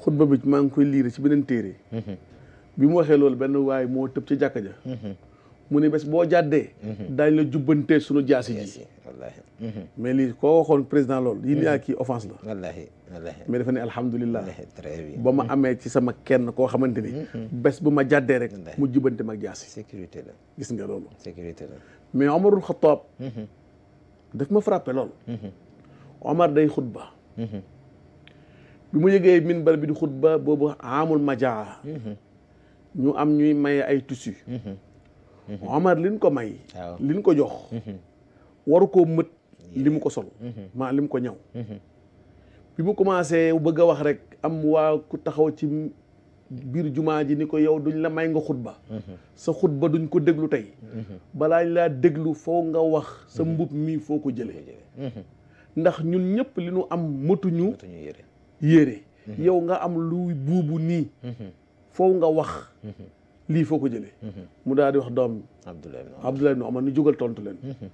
Speaker 1: xutba bi maa ngi koy liire ci beneen téere bi mu waxee loolu benn waaye moo tëb ci jàkka ja mu ne bés boo jàddee mhm. daañ la jubbantee suñu jaasi ji mhm. mais lii koo waxoon président loolu yi yaa mhm. kii offense la wallaahi wallaahi mais dafa ne ba ma amee ci sama kenn koo xamante ni bés bu ma jàddee rek mu jubbante mag jaasi sécurité la gis nga loolu sécurité la mais Omarul Xataab daf ma frappé loolu Omar day xutba
Speaker 4: bi
Speaker 1: mu yëgee minbar bi di xutba boobu aamul majaa ñu am ñuy maye ay tissu Mhm. Omar liñ ko may liñ ko jox mhm. waru koo mët li mu ko sol mhm. maa li mu ko ñaw bi mu commencé bëgg a wax rek am waa ku taxaw ci biir jumaa ji ni ko yow duñ la may nga xutba sa xutba duñ ko déglu tey balaa ñu laa déglu foo nga wax sa mbubb mii foo ko jële ndax ñun ñëpp li ñu am mëtuñu yére yow nga am lu buubu nii foo nga wax lii foo ko jëlee mhm. mu daal di wax doom Abdoulaye ibn Omar ni jógal tontu leen mhm.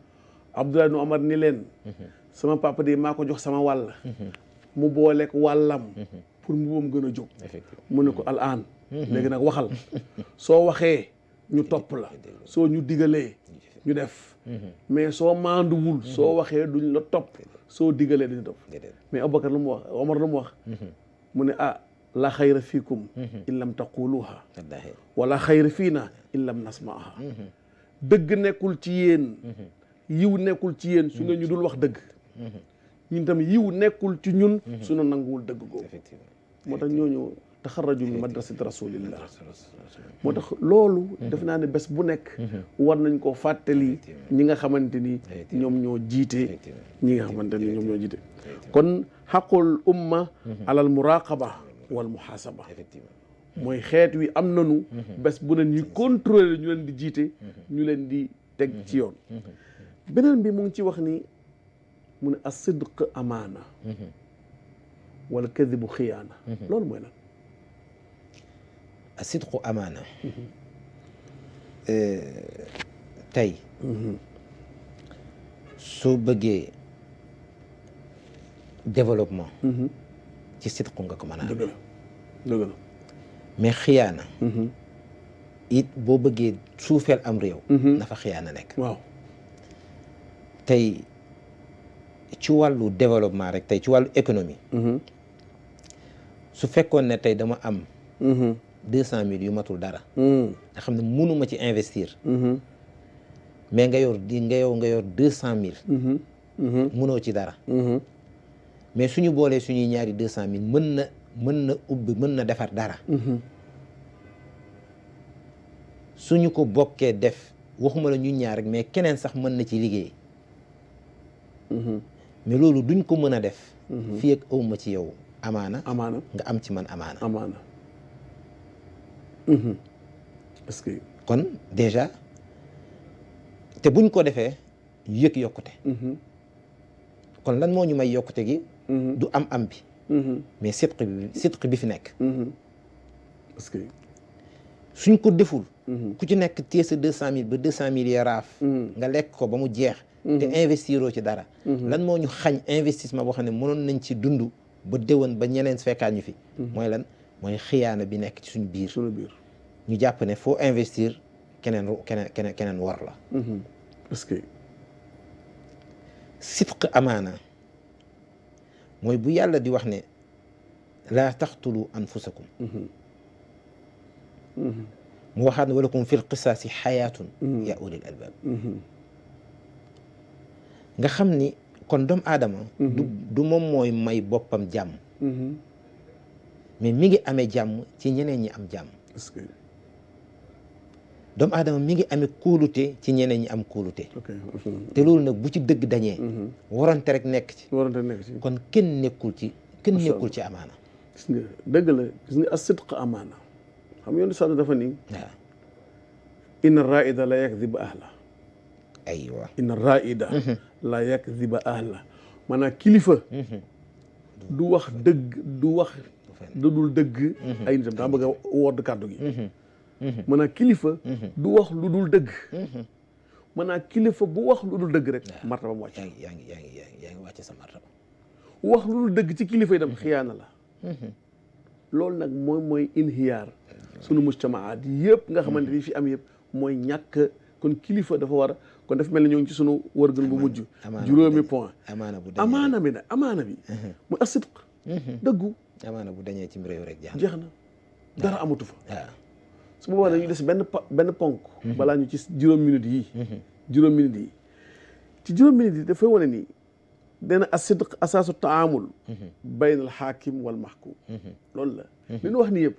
Speaker 1: Abdoulaye ibn Omar ni leen mhm. sama papa de maa ko jox sama wàll mu booleeg wàllam pour mbubbam gën a jóg mu ne ko al aan léegi nag waxal soo waxee ñu topp la soo ñu digalee ñu def mais soo maanduwul soo waxee duñ la topp soo digalee duñ topp mais Aboubacar lu mu wax Omar lu mu wax mu ne ah la xayra fiikum mhm. in lam taquluha wala xayra fii na lam nasmaaha mhm. dëgg nekkul ci yéen mhm. yiw nekkul ci yéen su ne ñu dul wax dëgg ñun tam yiw nekkul ci ñun su ne nanguwul dëgg googu moo tax ñooñu taxaraju min madrasati rasulillah moo tax loolu def naa ne bés bu nekk war nañ koo fàttali ñi nga xamante ni ñoom ñoo jiite ñi nga xamante ni ñoom ñoo jiite kon xaqul umma alal muraqaba wal muhaasaba effectivement mooy xeet wi am nanu mhm. bés bu ne ñuy contrôler ñu leen di jiite mhm. ñu leen di teg ci yoon mhm. beneen bi mu ngi ci wax ni mu ne as-sidq amaana wala kadibu xiyaana loolu mooy lan as-sidq amaana
Speaker 2: euh, tey soo bëggee développement ci sidqu nga ko mën a dëgg la dëgg mais xiyaana mm-hmm. it boo bëggee suufeel am réew na mm-hmm. fa xiyaana nekk waaw tey ci wàllu développement rek tey ci wàllu économie mm-hmm. su fekkoon ne tey dama am deux cent mille yu matul dara mm. nga xam ne mënuma ci investir mais nga yor di nga yor mille mënoo ci dara mais suñu boolee suñuy ñaari deux cent mën na mën na ubbi mën na defar dara mm-hmm. suñu ko bokkee def waxuma la ñu ñaar rek mais keneen sax mën na ci liggéey mm-hmm. mais loolu duñ ko mën a def mm-hmm. fii ak awma ci yow amaana amaana nga am ci man amaana amaana parce que kon déjà te buñ ko defee yëg yokkute kon lan moo ñu may yokkute gi Mm-hmm. du am am bi mm-hmm. mais sidq bi sidq bi fi nekk mm-hmm. parce que suñ ko deful ku ci nekk téye sa deux cent mille ba deux cent mille yi raaf nga lekk ko ba mu jeex te investiroo ci dara lan moo ñu xañ investissement boo xam ne mënoon nañ ci dundu ba déwén ba ñeneen fekkaa ñu fi mooy lan mooy xëyaana bi nekk ci suñ biir suñu biir ñu jàpp ne foo investir keneen keneen keneen keneen war la parce amaana mooy bu yàlla di wax ne la taxtulu anfusakum mhm. Mhm. mu waxaat ne walakum fil qisaasi xayaatun mhm. yaa ulil albaab nga xam ni kon doomu aadama du moom mooy may boppam jàmm mais mi ngi ame jàmm ci ñeneen ñi am jàmm doomu aadama mi ngi amee kóolute ci ñeneen ñi am kóolute te loolu nag bu ci dëgg dañee mhm. warante rek nekk ci warante kon
Speaker 1: kenn nekkul ci kenn ci amaana gis dëgg la gis nga xam yoon sall dafa nii waaw inna raida la yakdiba ahla aywa inna raida mhm. la yakdiba ahla maanaam kilifa mhm. du wax dëgg du wax da dul dëgg ay nitam daa bëgg a gi maanaam kilifa. Mhm. du wax lu dul dëgg. maanaam kilifa bu wax lu dul dëgg rek. martaba mu yaa ngi yaa ngi yaa ngi yaa wax lu dëgg ci kilifa yi dem mhm. xiyaana la.
Speaker 2: Mhm.
Speaker 1: nag mooy mooy inhiyaar. sunu mujtamaat yëpp nga xamante ni fi am yëpp mooy ñàkk kon kilifa dafa war a kon dafa mel ni ñoo ngi ci sunu wërgën bu mujj. juróomi point amaana bu dañee amaana bi nag amaana bi. mu asidq dëggu. bu dañee ci réew rek jeex na. dara amatu fa. su boobaa dañuy des benn ponk. Mhm. balaa ñu ci juróom minutes yi mhm. juróom minutes yi ci juróom minutes yi dafay wane ni dana asidq asaasu taamul. Mhm. bayn al xaakim wal maxkum. loolu la. li wax ni yëpp.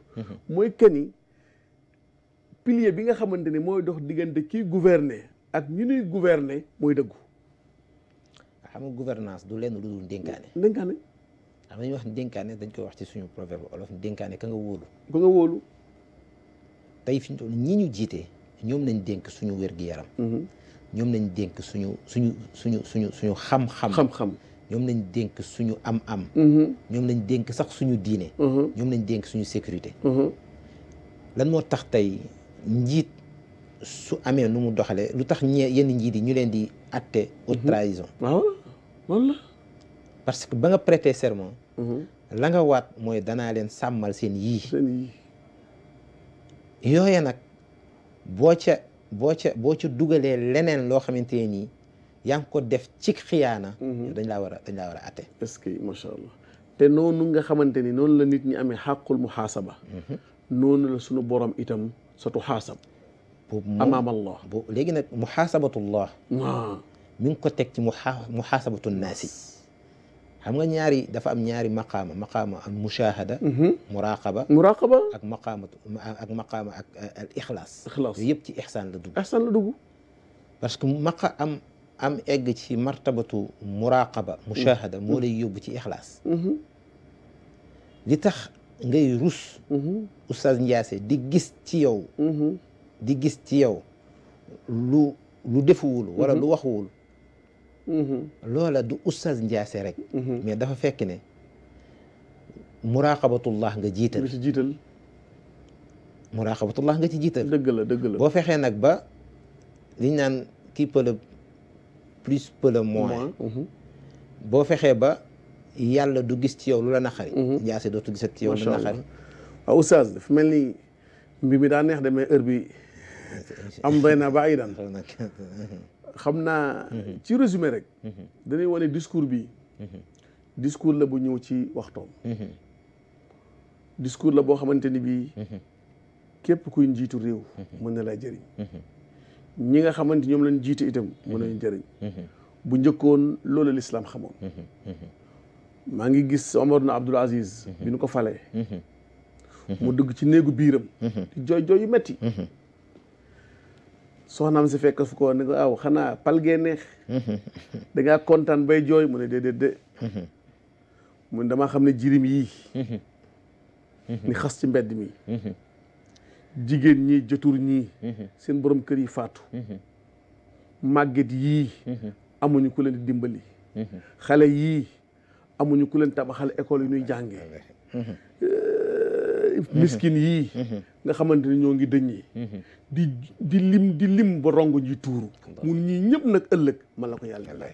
Speaker 1: mooy que ni pilier bi nga xamante ni mooy dox diggante kii gouverner ak ñu nuy gouverner mooy dëggu.
Speaker 2: xam nga gouvernance du lenn lu dul dénkaane. dénkaane. am na ñuy wax dénkaane dañ koy wax ci suñu proverbe olof dénkaane ka nga wóolu. tey fi ñu toll ñi ñu jiite ñoom lañ dénk suñu wér-gu-yaram mhm. ñoom lañ dénk suñu suñu suñu suñu suñu xam ñoom lañ dénk suñu am-am mhm. ñoom lañ dénk sax suñu diine mhm. ñoom lañ dénk suñu sécurité lan moo tax tey njiit su amee nu mu doxalee lu tax ñee yenn njiit yi ñu leen di ate haute trahison waaw walla parce que ba nga prêter serment la nga waat mooy danaa leen sàmmal seen yii yooya nag boo ca boo ca boo ca dugalee leneen loo
Speaker 1: xamante ne nii yaa ngi ko def ci xiyaana. Mhm. dañ laa war a dañ laa war a atte. est-ce que macha allah te noonu nga xamante ni noonu la nit ñi amee xàqul muhaasaba mhm. noonu la sunu borom itam sa tuxaasab. amaam allah léegi nag muhaasabatu
Speaker 2: allah mi ngi ko teg ci muxaasabatu naasi xam nga ñaari dafa am ñaari maqaama maqaama al mushahada mhm. muraqaba muraqaba ak maqaama ak maqaama ak eh, al ixlaas ixlaas yooyu yëpp ci ixsaan la dugg ixsaan la dugg parce que maqa am am egg ci martabatu muraqaba mushahada mhm. moo mhm. lay yóbbu ci ixlaas li tax ngay rus oustaz Ndiassé di gis ci yow di gis ci yow lu lu defuwul wala lu waxuwul loola du ustaz njaase rek mais dafa fekk ne muraqabatullah nga jiital nga ci jiital muraqabatullah nga ci jiital dëgg dëgg la boo fexee nag ba liñ naan qui peut le plus peut moins mm-hmm. boo fexee ba
Speaker 1: yàlla du gis ci yow lu la naqari mm-hmm. njaase dootu gisat ci yow lu la naqari waaw ustaz dafa mel ni mbi mi daa neex de mais heure bi
Speaker 4: am
Speaker 1: doy na ba ay xam naa. Mhm. ci résumé rek. Mhm. dañuy wane discours bi. Mhm. discours la bu ñëw ci waxtoom. discours la boo xamante ni bii. képp kuy njiitu réew. mën na laa jëriñ. ñi nga xamante ñoom lañ jiite itam mën nañu jëriñ. bu njëkkoon loolu lislaam xamoon. maa ngi gis Omar na Abdul Aziz. bi nu ko falee. mu dugg ci néegu biiram. jooy jooy yu metti soxnaam si fekk fu ko woon ni ko aw xanaa pal gee neex da kontaan bay jooy mu ne déedéet de mun damaa xam ne jirim yii ni xas ci mbedd mi jigéen ñi jotur ñii seen borom kër yi faatu màgget yii amuñu ku leen dimbali xale yii amuñu ku leen tabaxal école yu ñuy jànge Mm-hmm. miskin yii mm-hmm. nga xamante ni ñoo ngi dëññi mm-hmm. di di lim di lim ba rongo ji tuuru mun ñii ñëpp nag ëllëg man la ko yàlla la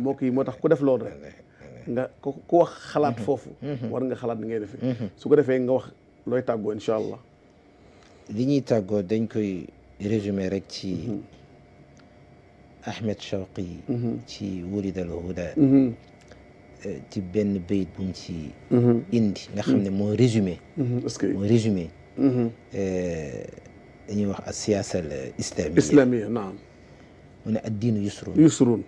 Speaker 1: mbokk yi moo tax ku def loolu rek nga ko ku wax xalaat foofu war nga xalaat ngay defee su ko defee nga wax looy tàggoo incha allah
Speaker 2: li ñuy tàggoo dañ koy résumé rek ci Ahmed Shawqi ci wulidal huda ci benn bayit buñ ci mhm. indi nga xam ne moo résumé mhm. Mhm. moo résumé euh, dañuy wax ak siyaasa al islamia islamia naam mu ne ad diinu yusrun yusrun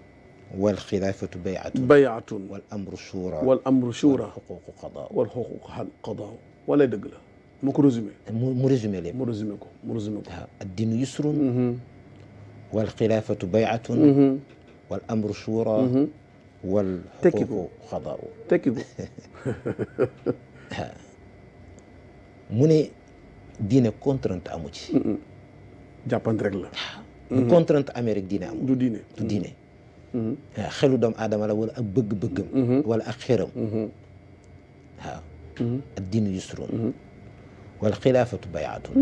Speaker 2: wal xilaafatu bayatun
Speaker 1: bayatun wal amru shura wal amru shura wal xuququ qadaa wal xuququ qadaa wala dëgg la moo ko résumé mu mu résumé lépp mu résumé ko mu résumé ko waaw ad diinu yusrun wal
Speaker 2: xilaafatu bayatun wal amru shura wal tekki ko xadaa tekki ko mu ne diine contrainte amu ci jàppante rek la ah,
Speaker 1: bu contrainte
Speaker 2: amee rek diine am du diine du diine mm-hmm. ah, xelu doomu aadama la wala ak bëgg-bëggam mm-hmm. wala ak xeram waaw mm-hmm. ah. ak diinu yusrun wal xilaafatu bayaatun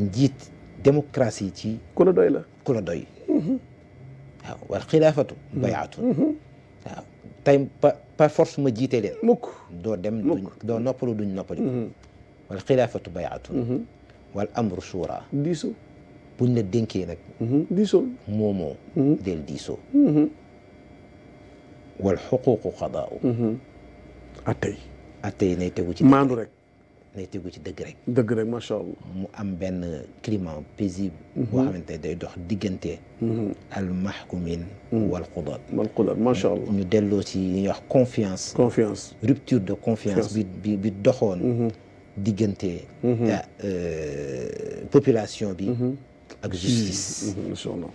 Speaker 2: njiit démocratie ci ku la doy la ku la doy waaw wal xilaafatu bayaatu mm-hmm. mm-hmm. waaw tey par force ma jiite leen mukk doo dem duñ doo noppalu duñ noppali mm-hmm. wal xilaafatu bayaatu wal amru suura diisoo buñ la dénkee nag diisoo moomoo del diisoo wal xuquuqu qadaau attey attey nay tegu ci maandu rek nay tegu ci dëgg rek. dëgg rek macha allah. mu am benn climat paisible. Mhm. boo xamante ne day dox diggante. Mhm. al mahkumin mhm. wal xudaat. wal xudaat macha allah. ñu delloo ci li ñuy wax confiance. confiance rupture de confiance. bi bi bi doxoon. diggante. Euh, population bi. ak justice. macha allah.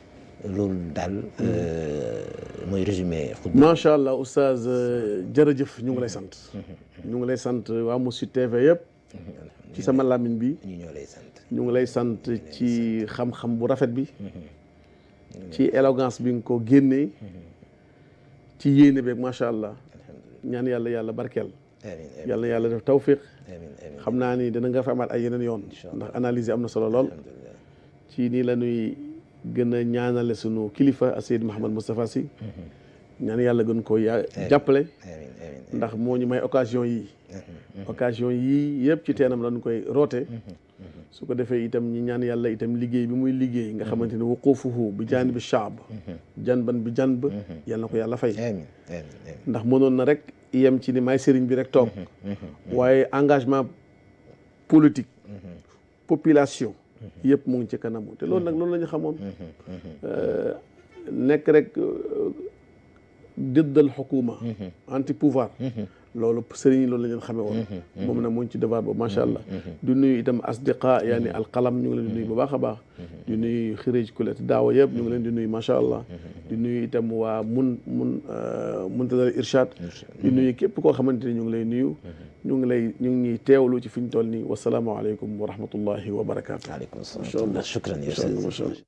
Speaker 2: loolu daal euh, mooy résumé.
Speaker 1: macha allah oustaz euh, jërëjëf ñu ngi lay sant. ñu ngi lay sant waa Mourchid TV yëpp. ci sama làmmiñ bi ñu ñoo lay sant ngi lay sant ci xam-xam bu rafet bi ci élégance bi nga ko génnee ci yéene beeg macha allah ñaan yàlla yàlla barkeel yàlla yàlla def tawfiq xam naa ni dina nga fa amaat ay yeneen yoon ndax analyse am na solo lool ci nii lañuy ñuy ñaanale sunu kilifa Seyd Mouhamed Moustapha Sy mm-hmm. ñaan yàlla gën ko yaa jàppale ndax moo ñu may occasion yii mm-hmm, mm-hmm. occasion yii yëpp ci teenam lañ koy roote mm-hmm, su ko defee itam ñi ñaan yàlla itam liggéey bi muy liggéey nga xamante ne wuqufuhu bi jaani bi shaab janban bi janb yàlla na ko yàlla fay ndax mënoon na rek yem ci ni may sëriñ bi rek toog waaye engagement politique population yëpp mu ngi ci kanamu te loolu nag loolu la ñu xamoon euh, nekk rek euh, diddal xukuma mm-hmm. mm-hmm. anti pouvoir mm-hmm. loolu sëriñ loolu la ñu xamee woon moom nag muñ ci devoir boobu macha allah du nuyu itam asdiqa yaa ni alqalam ñu ngi leen di nuyu bu baax a baax di nuyu xirij kulet daawa yëpp ñu ngi leen di nuyu macha allah di nuyu itam waa mun mun euh, muntadar irshad di nuyu képp koo xamante ni ñu ngi lay nuyu ñu ngi lay ñu ngi ñuy teewlu ci fi ñu toll nii wasalaamualeykum wa rahmatullahi wa barakaatu. waaleykum salaam wa rahmatulah shukran